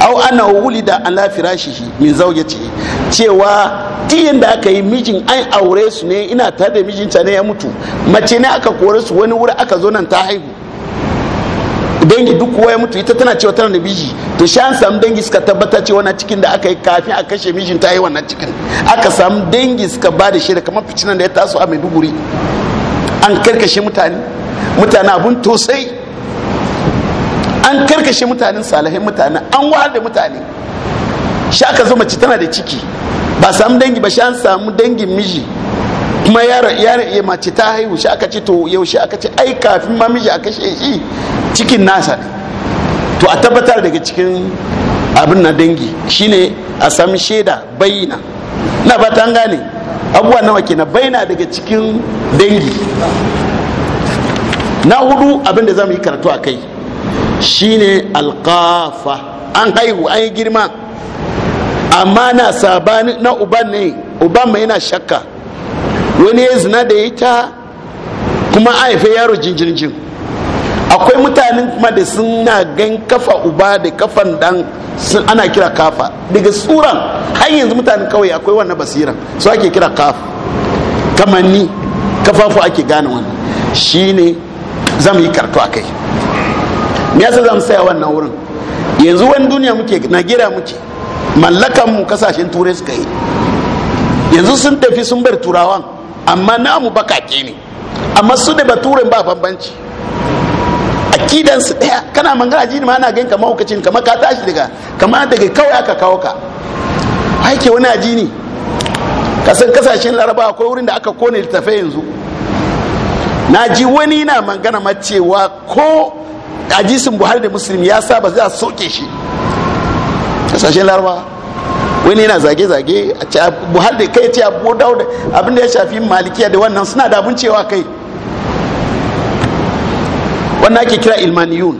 S1: au ana wulida an lafira shi min ce cewa tiyin da aka yi mijin an aure su ne ina tare da mijinta ne ya mutu mace ne aka kore su wani wuri aka zo nan ta haihu dangi duk kowa ya mutu ita tana cewa tana da miji to shan an samu dangi suka tabbatar cewa na cikin da aka yi kafin a kashe mijin ta yi wannan cikin aka samu dangi suka ba da shaida kamar ficinan da ya taso a maiduguri an karkashe mutane mutane abun tosai an karkashe mutanen salihin mutane an wahar da mutane shi aka zo mace tana da ciki ba samu dangi ba shi samu dangin miji kuma yara ya eh, mace ta haihu shi aka ce to yaushe aka ce ai kafin ma miji aka she shi cikin nasa to a tabbatar daga cikin abin na dangi shine a sami shaida bayyana na ba ta gane abubuwa nawa kenan baina daga cikin dangi na hudu abinda da za mu yi karatu a kai shine alkafa an haihu an yi girma amma na sabani na uban ne uban mai na shakka wani ya zina da ita kuma an yaro jinjirjin akwai mutanen kuma da suna gan kafa uba da kafan dan ana kira kafa daga tsuran har yanzu mutanen kawai akwai wannan basiran su ake kira kafa kamanni kafafu ake gane wannan shine zamu yi karto a kai me yasa zamu saya wannan wurin yanzu wani duniya muke nagira muke mallakan mu kasashen turai suka yi yanzu sun tafi sun bar turawan amma namu bakake ne amma su da baturen ba bambanci kidan su daya kana mangana jini ma ana gan kamar hukacin kamar ka tashi daga kamar daga kawai aka kawo ka haike wani ajini kasan kasashen laraba akwai wurin da aka kone tafe yanzu na ji wani na mangana ma cewa ko sun buhari da musulmi ya sa ba za soke shi kasashen laraba wani yana zage-zage a buhari da kai ce abu dauda abinda ya shafi malikiya da wannan suna da abin cewa kai wannan ake kira ilmaniyun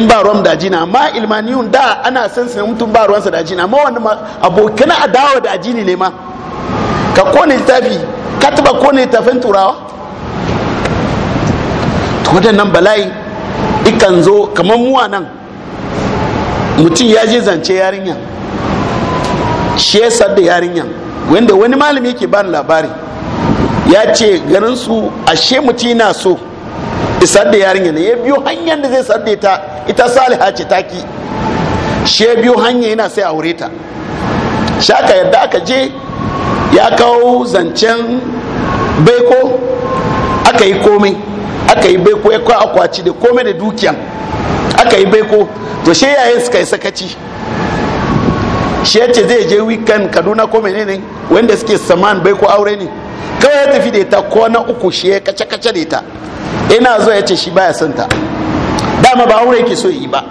S1: in ba ruwan da ajini amma ilmaniyun da ana san sanin mutum ba ruwansa da ajini amma wani abokan adawa da ajini ne ma ka kone littafi ka taba kone littafin turawa to waɗannan bala'i ikan zo kamar muwa nan mutum ya je zance yarinya shi ya da yarinya wanda wani malami yake ni labari ya ce garinsu ashe mutum yana so isar da yarinya ne ya biyo hanyar da zai sar da ita ita saliha ce taki she biyo hanya yana sai aure ta shaka yadda aka je ya kawo zancen baiko aka yi komai aka yi baiko ya kawo akwaci da komai da dukiya aka yi baiko to she yayin suka yi sakaci shi zai je weekend kaduna ko menene wanda suke saman baiko aure ne kawai ya tafi da ita ko na uku shi ya kace kace da ita ina zo ya ce shi baya son ta dama ba aure yake so yi ba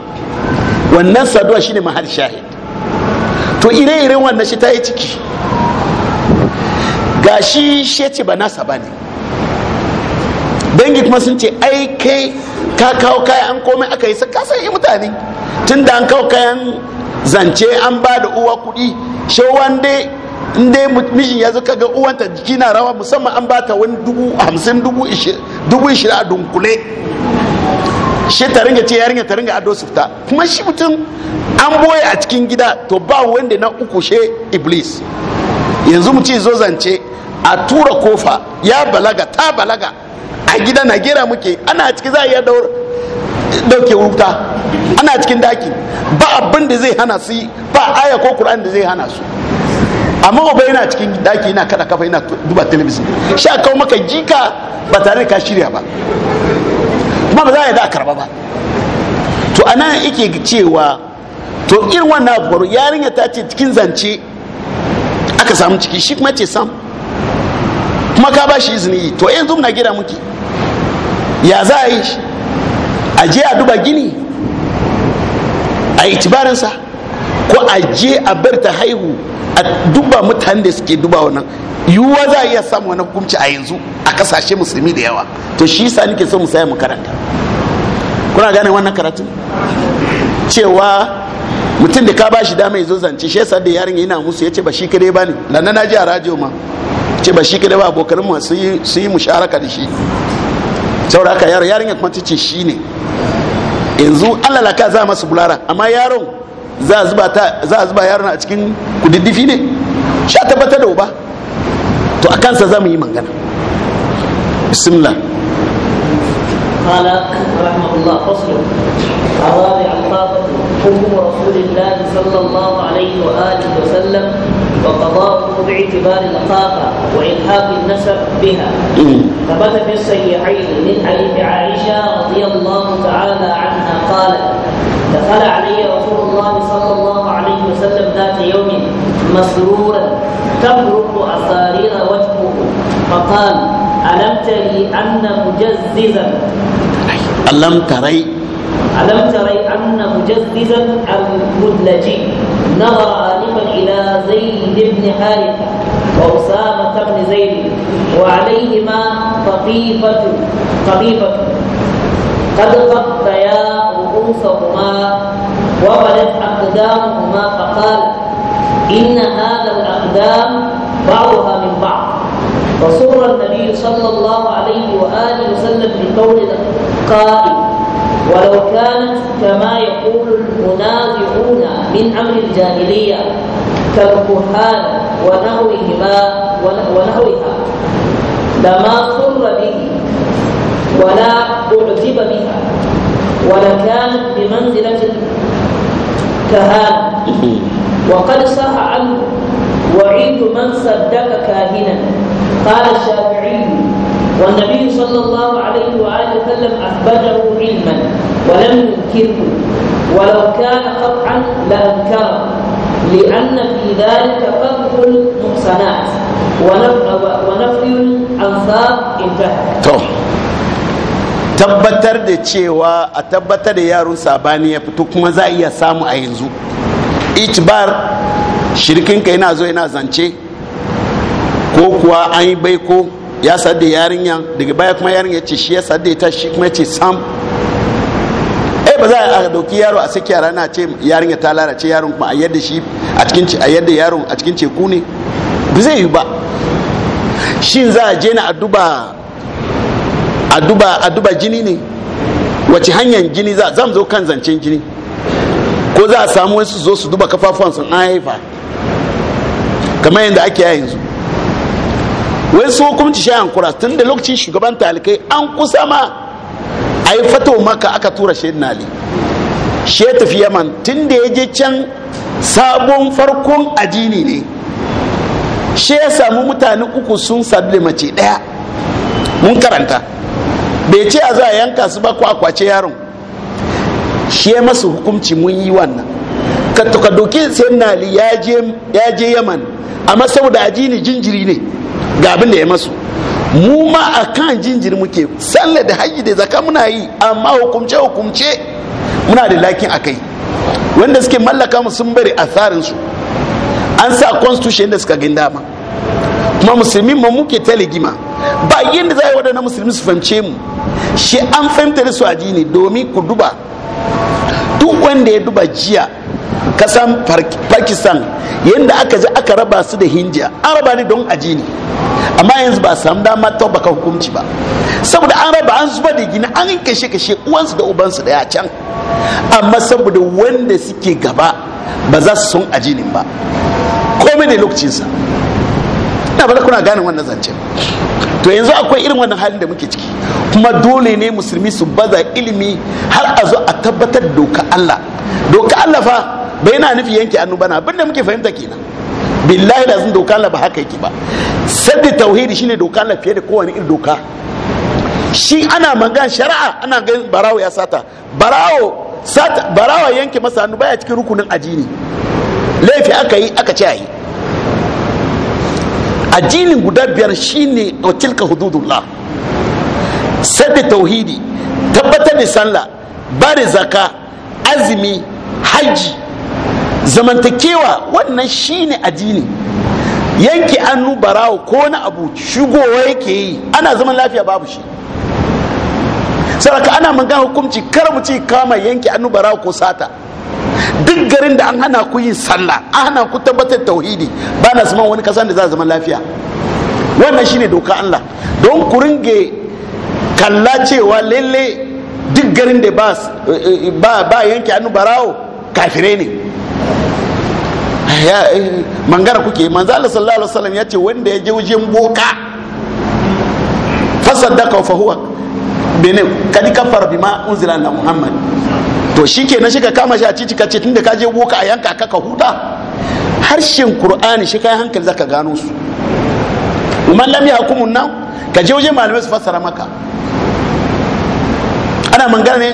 S1: wannan saduwa shine mahal shahid to ire-iren wannan shi ta yi ciki ga shi shi ce ba nasa ba ne dangi kuma sun ce ai kai ka kawo kayan komai aka yi ka san mutane tun da an kawo kayan zance an ba da uwa kuɗi shi wanda in dai mijin ya zuka ga uwanta jiki na rawa musamman an ba ta wani dubu hamsin dubu ishirin a dunkule shi ta ringa ce yarinya ta ringa ado sufta kuma shi mutum an boye a cikin gida to ba wanda na uku she iblis yanzu mu ce zo zance a tura kofa ya balaga ta balaga a gida na gera muke ana ciki za a iya dauke wuta ana cikin daki ba abin da zai hana su ba aya ko kur'an da zai hana su amma ba yana cikin daki yana kada kafa yana duba telebisin a kawo maka jika ba tare da ka shirya ba kuma ba za a yi da karba ba to anan yake cewa to irin wannan abu baro yarinya ta ce cikin zance aka samu ciki shi kuma ce sam kuma ka ba shi izini to yanzu muna gida muke ya za a yi a je a duba gini a itibarinsa ko a je a bar ta haihu a duba mutane da suke duba wannan yiwuwa za a iya samu wani hukunci a yanzu a kasashe musulmi da yawa to shi yasa nake so mu saya mu karanta kuna gane wannan karatu cewa mutum da ka bashi dama ya zo zance shi yasa da yarin yana musu ya ce ba shi kadai ba ne lana na ji a rajiyo ma ce ba shi kadai ba abokan mu su yi musharaka da shi saboda haka yaro yarin ya kuma ce shi ne yanzu laka za masu bulara amma yaron za a zuba yaron a cikin kududdufi ne sha tabbatar da uba to a kansa za mu yi magana bismillah
S2: قال رحمه الله فصل الرابع الخافة حكم رسول الله صلى الله عليه وآله وسلم وقضاؤه باعتبار الخافة وإلحاق النسب بها ثبت في الصحيحين من حديث عائشة رضي الله تعالى عنها قالت دخل علي رسول الله صلى الله وسلم ذات يوم مسرورا تبرق اصارير وجهه فقال ألم تري أن مجززا
S1: ألم تري ألم تري
S2: أن مجززا المدلجي نظر غالبا إلى زيد بن حارثة وأسامة بن زيد وعليهما طفيفة طفيفة قد قطيا رؤوسهما وضلت أقدامهما فقال إن هذا الأقدام بعضها من بعض فسر النبي صلى الله عليه وآله وسلم بقول قائل ولو كانت كما يقول المنازعون من أمر الجاهلية كالكهان ونهوهما ونحوها لما سر به ولا أعجب بها ولكانت بمنزلة كهان وقد صح عنه وعيد من صدق كاهنا قال الشافعي والنبي صلى الله عليه وآله وسلم أثبته علما ولم ينكره ولو كان قطعا لأنكره لأن في ذلك فضح المحصنات ونفي الأنصار انتهى
S1: tabbatar da cewa a tabbatar da yaro sabani ya fito kuma za a iya samu a yanzu ichbar shirkinka yana zo yana zance ko kuwa an yi baiko ya sadda yarinya daga baya kuma yarinya ce shi ya sadda ta shi kuma ce sam eh ba za a dauki yaro a saki yara na ce yarinya ta ce yaron kuma a yadda shi a cikin a yadda yaron a cikin ku ne ba zai yi ba shin za a je na a duba a duba jini ne wace hanyar jini za a zo kan zancen jini ko za a samu wasu zo su duba kafafuwan sun haifa kamar yadda ake yanzu wai su hukunci shayan kura tun da lokacin shugaban talikai an kusa ma a yi fato maka aka tura shaidu nali shi tafi yaman tun da ya je can sabon farkon addini ne shi ya samu mutane uku sun sabile mace daya mun karanta bai ce a za a yanka su ba ko a kwace yaron shi ya masu hukunci mun yi wannan ka tuka doki sai ya je yaman amma saboda ne jinjiri ne ga abin da ya masu mu ma a kan jinjiri muke sallar da hajji da zaka muna yi amma hukumce hukumce muna da lakin a kai wanda suke mallaka mu sun bari tsarinsu an sa constitution da suka gindama kuma musulmi mu muke ta ligima ba yadda za a yi waɗannan musulmi su fahimce mu shi an fahimta da su aji ne domin ku duba duk wanda ya duba jiya kasan pakistan yadda aka ji aka raba su da hindiya an raba ne don aji ne amma yanzu ba samu dama ta baka hukunci ba saboda an raba an zuba da gini an kashe kashe uwansu da ubansu da ya can amma saboda wanda suke gaba ba za su son ajinin ba komai da lokacinsa ina ba kuna gane wannan zancen to yanzu akwai irin wannan halin da muke ciki kuma dole ne musulmi su baza ilimi har a zo a tabbatar doka Allah doka Allah fa bai na nufi yanke annu bana abinda muke fahimta kenan billahi lazim doka Allah ba haka yake ba sadda tauhidi shine doka Allah fiye da kowane irin doka shi ana magan shari'a ana ga barawo ya sata barawo sata barawa yanke masa hannu baya cikin rukunin ajini laifi aka yi aka ci yi addinin guda biyar shine wa tilka hududullah sadda tauhidi tabbatar da sallah ba zaka azumi hajji zamantakewa wannan shine addini yanke annu barawo ko wani abu shigowa yake yi ana zaman lafiya babu shi saraka ana magana hukunci kar mu ci kama yanke annu barawo ko sata duk garin da an hana ku yin sallah an hana ku tabbatar tauhidi ba na zama wani kasan da za a zama lafiya wannan shine doka Allah don ku ringe kalla cewa lalle duk garin da ba yanke hannu barawo kafire ne eh, mangara kuke manzo Allah sallallahu alaihi wasallam ya ce wanda ya je wajen boka fasaddaka fa huwa bene kadi kafar bima unzila na Muhammad to shi na shi ka kama shi a titi ka ce tunda ka je boka a yanka ka ka huta harshen Kur'ani shi kai hankali za ka gano su man lam yahkumun nan ka je wajen malamai su fassara maka ana mangana ne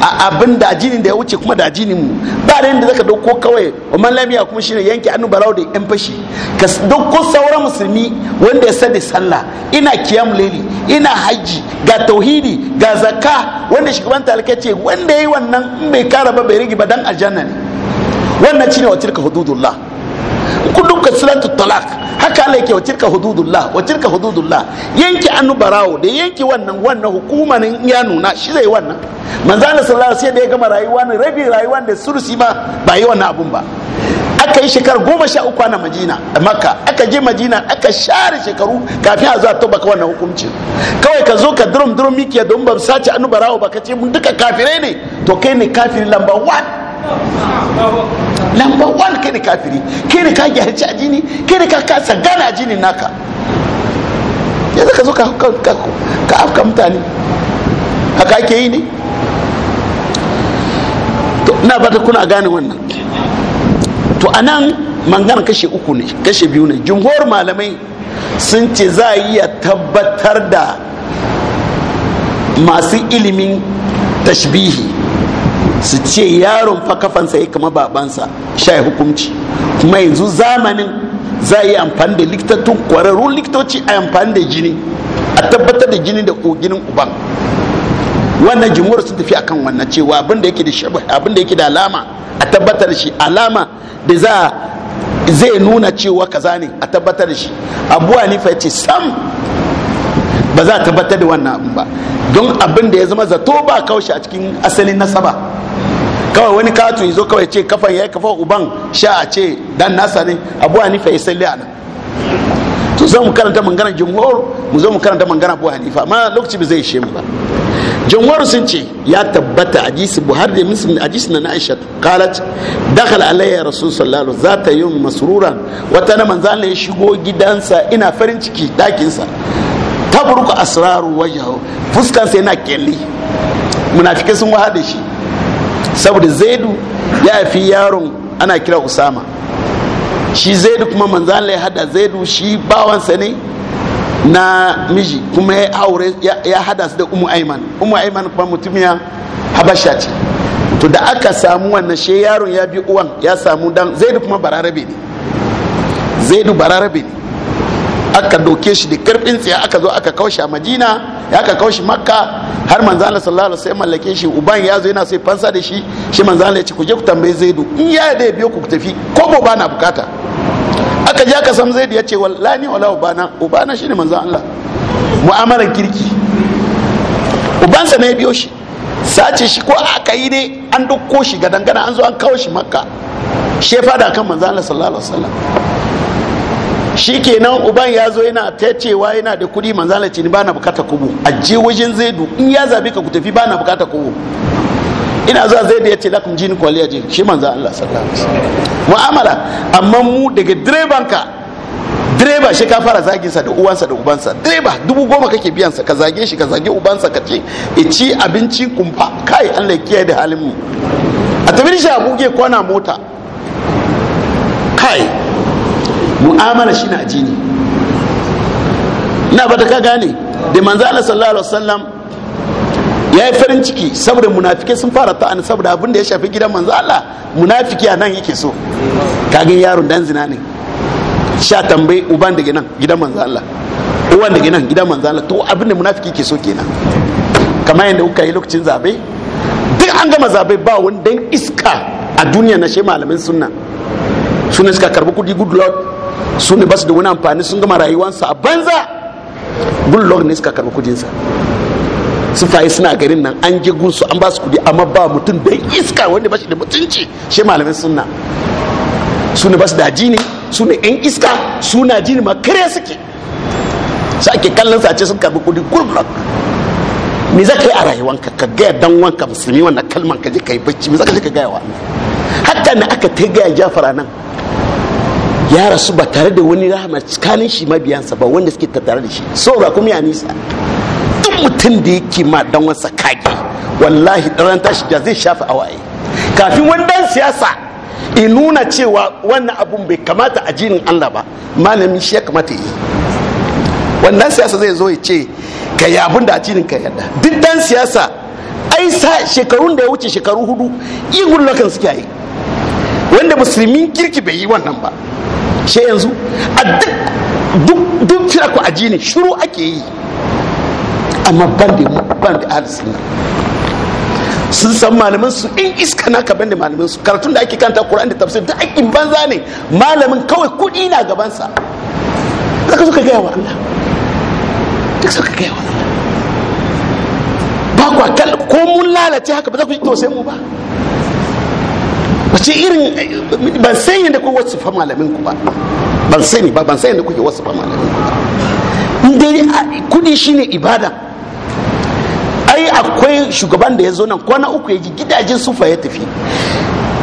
S1: a abin da ajinin da ya wuce kuma da ajinin mu ba da yadda zaka dauko kawai umman lamiya kuma shine yanke annu barau da yan fashi ka dauko sauran musulmi wanda ya sani sallah ina kiyam leli ina haji ga tauhidi ga zakka wanda shugaban talaka ce wanda ya yi wannan in bai kara ba bai rigi ba dan aljanna ne wannan shine wa tilka hududullah kullum ka salatu talak haka Allah yake wa tilka hududullah wa tilka hududullah yanki annu barawo da yanki wannan wannan hukuma nan ya nuna shi zai wannan manzo Allah sallallahu alaihi wasallam ya gama rayuwa ne rabi rayuwa da sursi ma ba yi wannan abun ba aka yi shekar goma sha uku na madina da makka aka je madina aka share shekaru kafin a zuwa ta baka wannan hukuncin kawai ka zo ka durum durum mikiya don ba sace annu barawo ba ka ce mun duka kafirai ne to kai ne kafirin lamba 1 number one kai ne kafiri kai ne ka gyarci a jini kai ne ka kasa gane a jinin naka yanzu ka zo ka afka mutane haka ake yi ne na bata kuna gane wannan to a nan mangana kashe uku ne kashe biyu ne jumhur malamai sun ce za a iya tabbatar da masu ilimin tashbihi su ce yaron fa kafansa ya kama babansa sha hukunci kuma yanzu zamanin za a yi amfani da likitattun kwararrun likitoci a amfani da jini a tabbatar da jini da koginin uban wannan jimuwar sun tafi akan wannan cewa abin da yake da abin da yake da alama a tabbatar shi alama da za zai nuna cewa kaza ne a tabbatar shi abuwa nifa ya ce sam ba za a tabbatar da wannan abin ba don abin da ya zama zato ba kaushe a cikin asalin nasaba kawai wani katu ya zo kawai ce kafan ya yi kafa uban sha a ce dan nasa ne abu hanifa ya salli liya nan to zan mu karanta mangana jumhur mu zo mu karanta mangana abu hanifa amma lokaci ba zai ishe mu ba jumhur sun ce ya tabbata hadisi buhari da hadisi na aisha qalat dakhala alayya rasul sallallahu alaihi zata yi masruran wata na manzala ya shigo gidansa ina farin ciki dakin sa tabruku asraru wajahu fuskansa yana kyalli munafike sun waha da shi saboda zaidu ya fi yaron ana kira usama shi zaidu kuma manzan ya hada zaidu shi bawansa ne na miji kuma ya aure ya hada su da umu aiman umu aiman kuma mutumiya habasha ce to da aka samu wannan shi yaron ya bi uwan ya samu dan zaidu kuma bararabe ne zaidu bararabe ne aka doke shi da karfin tsaye aka zo aka shi a madina ya aka shi makka har manzan Allah sallallahu alaihi wasallam mallake shi uban ya zo yana sai fansa da shi shi manzan Allah ya ce ku je ku tambaye zaidu in ya da biyo ku tafi ko ba na bukata aka je aka san zaidu ya ce wallahi wala ubana ubana shine manzan Allah mu'amalan kirki ubansa ne biyo shi sace shi ko aka yi ne an dukko shi ga dangana an zo an kawo shi makka shefa da kan manzan Allah sallallahu alaihi wasallam shikenan uban ya zo yana ta cewa yana da kudi manzala ce ni na bukata kubu a je wajen zaidu in ya zabi ka ku tafi na bukata kubu ina zuwa da ya ce lakum jini kwali kwaliya jini shi manzan Allah sallallahu alaihi wasallam mu'amala amma mu daga direban ka direba shi ka fara zagin sa da uwansa da ubansa direba dubu goma kake biyan sa ka zage shi ka zage ubansa ka ce e ci abinci kumfa kai Allah ya kiyaye da halin mu a tafi shi a buge kwana mota kai mu'amala shi na ajini na ba ta ka gane da manzo Allah sallallahu alaihi wasallam ya yi farin ciki saboda munafike sun fara ta'ani saboda abin da ya shafi gidan manzo Allah munafiki a nan yake so kagin yaron dan zina ne sha tambayi uban da gidan gidan manzo Allah uwan da gidan gidan manzo Allah to abin da munafiki ke so kenan kamar yadda kuka yi lokacin zabe duk an gama zabe ba wani dan iska a duniya na shi malamin sunna sunan suka karbi kudi good lord su ne basu da wani amfani sun gama rayuwansa a banza gullog ne suka karɓi kudinsa fayi suna garin nan an gigun gunsu an ba su kudi amma ba mutum da iska wanda ba shi da mutunci shi malamin sunna su ne ba su da jini su ne yan iska su na jini ma kare suke sa ake kallon sa ce sun karɓi kudi gullog me za ka yi a rayuwanka ka gaya dan wanka musulmi wannan kalman ka je ka yi bacci me za ka je ka gaya wa hatta na aka ta gaya jafara nan ya rasu ba tare da wani rahama tsakanin shi mabiyansa ba wanda suke tattare da shi ba kuma ya nisa duk mutum da yake ma dan wasa kage wallahi daren tashi da zai shafa awaye kafin wani dan siyasa in nuna cewa wannan abun bai kamata a jinin Allah ba malamin shi ya kamata yi wannan siyasa zai zo ya ce ka yi abun da a jinin ka yadda duk dan siyasa ai sa shekarun da ya wuce shekaru hudu ihun lokan suke yi wanda musulmin kirki bai yi wannan ba she yanzu a duk duk firaku a ne shiru ake yi amma ban da ban sun san malamin su in iska na kaban da malamin su karatun da ake kanta kuran da tafsir da ake banza ne malamin kawai kudi na gabansa zaka suka gaya wa Allah duk suka gaya wa Allah ba kwa ko mun lalace haka ba za ku ji tausayin mu ba wace irin ban san yadda ku wasu fa malamin ku ba ban sani ba ban san yadda kuke wasu fa malamin ku ba kudi dai kudi shine ibada ai akwai shugaban da ya zo nan kwana uku ya ji gidajen sufa ya tafi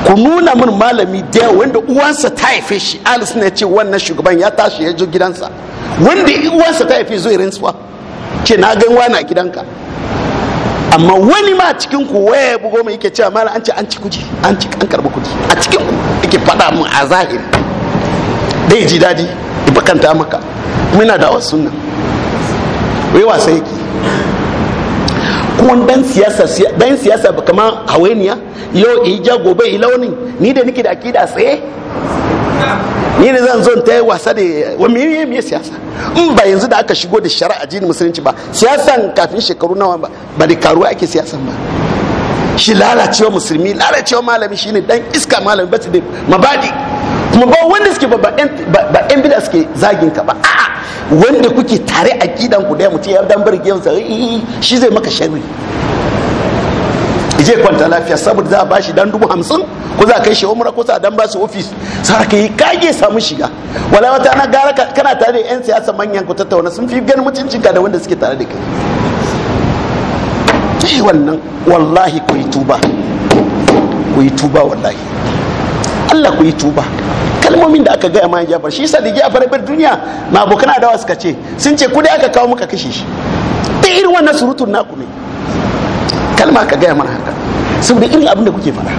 S1: ku nuna min malami daya wanda uwansa ta haife shi alis na ce wannan shugaban ya tashi ya zo gidansa wanda uwansa ta haife zo irin sufa ke na gan wani a gidanka amma wani ma cikin ku waya bugo mai yake cewa mala an ce an ci kuji an ci an karba kuji a cikin ku yake faɗa mun a zahiri dai ji daɗi ibakanta maka muna da wasu nan wai wasa yake ko dan siyasa dan siyasa kamar hawainiya yau ija gobe launin ni da niki da akida tsaye ni ne zan zon ta yi wasa da wa miye miye siyasa in ba yanzu da aka shigo da shari'a ajini musulunci ba siyasan kafin shekaru nawa ba ba da karuwa ake siyasan ba shi lalacewa musulmi lalacewa malami shine dan iska malami ba su da mabadi kuma ba wanda suke ba ba yan bida suke zagin ka ba a'a wanda kuke tare a kidan ku da mu ya dan bar giyan sa shi zai maka sharri je kwanta lafiya saboda za a bashi dan dubu hamsin ko za a kai shi umra ko za a dan bashi ofis sai ka yi kage samu shiga wala wata ana gara kana tare da yan siyasa manyan ku tattauna sun fi ganin mutuncin ka da wanda suke tare da kai shi eh, wannan wallahi ku yi tuba ku yi tuba wallahi Allah ku yi tuba kalmomin da aka gaya ma jafar shi sadi a farabar duniya na abokan adawa suka ce sun ce kudi aka kawo muka kashe shi ta irin wannan surutun naku ne kalma aka gaya mana haka saboda irin abin da kuke faɗa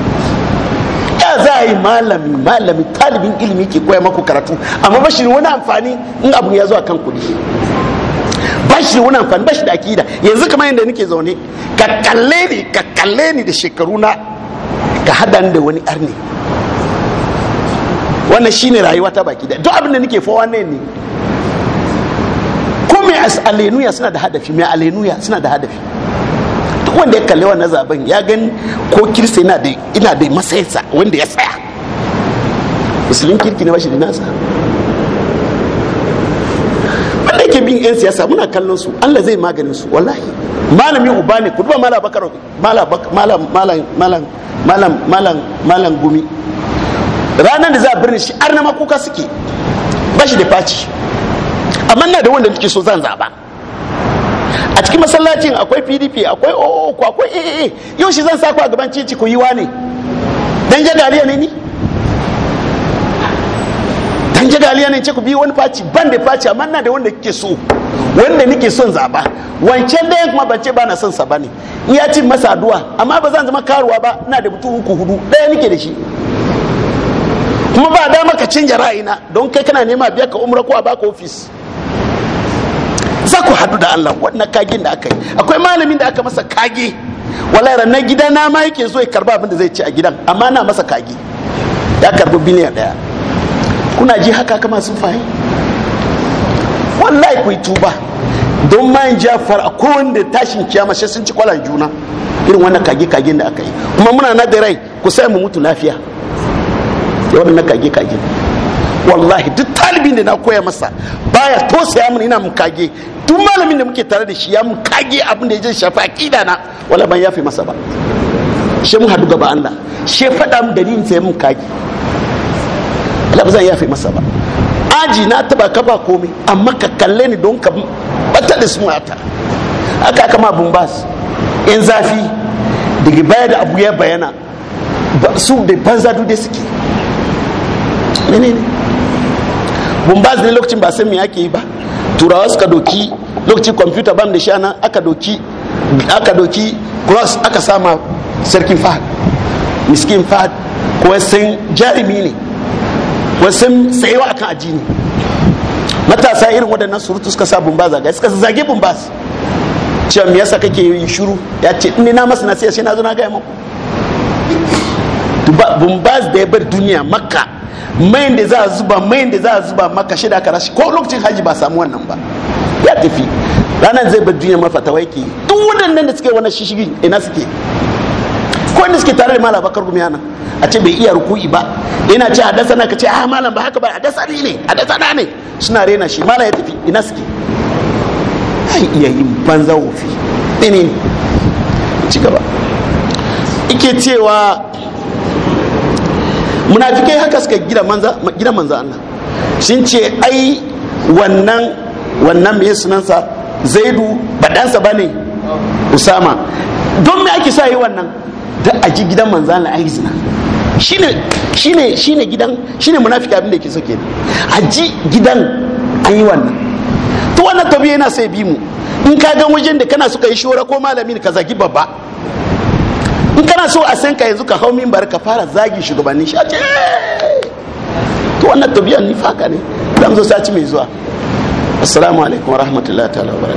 S1: ya za a yi malami malami talibin ilimi ke koya maku karatu amma bashi shi wani amfani in abu ya zo a kan kudi bashi shi wani amfani bashi da akida yanzu kamar yadda nake zaune ka kalle ni ka kalle ni da shekaru na ka hada da wani arni wannan shine rayuwa ta baki da duk abin da nake fowa ne ne ko mai alenuya suna da hadafi mai alenuya suna da hadafi duk wanda ya kalli wannan zaben ya gan ko kirista yana da ina da masayinsa wanda ya tsaya musulun kirki na bashi da nasa wanda yake bin yan siyasa muna kallon su Allah zai maganin su wallahi malami uba ne ku duba malam bakar malam malam malam malam malam gumi ranar da za a birni shi arna na makuka suke ba shi da faci amma na da wanda nake so zan zaba a cikin masallacin akwai pdp akwai ooo akwai aaa yau shi zan saku a gaban cici ku yi ne dan je dariya ne ni dan je dariya ne ce ku bi wani faci ban da faci amma na da wanda kike so wanda nake son zaba wancan dayan kuma bance ba na son sa bane ne. ya ci masa addu'a amma ba zan zama karuwa ba ina da mutum uku hudu daya nake da shi kuma ba dama ka canja ra'ayina don kai kana nema biya ka umra ko a baka ofis za ku haɗu da Allah wannan kagin da aka yi akwai malamin da aka masa kage wallahi na gida na ma yake so ya karba abin da zai ci a gidan amma na masa kage ya karbi biliyan daya kuna ji haka kama sun fahim. wallahi ku yi tuba don mayan jafar a da tashin kiyama sai sun ci kwalan juna irin wannan kage kagen da aka yi kuma muna na da rai ku sai mu mutu lafiya da waɗannan kage kage wallahi duk talibin da na koya masa baya tosaya mun ina mu kage duk malamin da muke tare da shi ya mun kage abin da ya je shafa akida na wala ban yafe masa ba shi mun haɗu gaba Allah shi faɗa mun dalilin sai mun kage wala ba zan yafe masa ba aji na taba ka ba komai amma ka kalle ni don ka bata da ta aka kama bas in zafi daga baya da abu ya bayana su da banza duk da suke menene bumbaz ne lokacin ba sai me yake yi ba turawa suka doki lokacin kwamfuta bam da shana aka doki aka doki cross aka sama sarkin fahad miskin fahad ko san jarimi ne ko san tsayewa akan addini matasa irin waɗannan surutu suka sa bumbaz zaga suka zage bumbaz cewa me yasa kake yin shiru ya ce ni na masa na sai na zo na gaya muku bumbaz da ya bar duniya makka mai da za a zuba mai da za a zuba maka shida ka rashi ko lokacin haji ba samu wannan ba ya tafi ranar zai bar duniya mafata ke duk waɗannan da suke wani shishigi ina suke ko inda suke tare da malam bakar gumi yana a ce bai iya ruku'i ba Ina ce dasa na ka ce a ah, malam ba haka ba hadasa ne dasa na ne suna rena shi malam ya tafi ina suke ai iya yin banza wofi ne ci gaba ike cewa munafikai haka suka gina manza gina manza Allah sun ce ai wannan wannan me sunansa zaidu ba ɗansa ba ne usama don me ake sa yi wannan da a ji gidan manzan Allah ai zina shine shine shine gidan shine munafiki abin da yake so a ji gidan an yi wannan to wannan tabi yana sai bi mu in ka gan wajen da kana suka yi shora ko malami ka zagi babba in kana so a san ka yanzu ka hau mimbar ka fara zagi shugabannin shi a ce to wannan tabiyan ni faka ne dan zo saci mai zuwa assalamu alaikum warahmatullahi ta'ala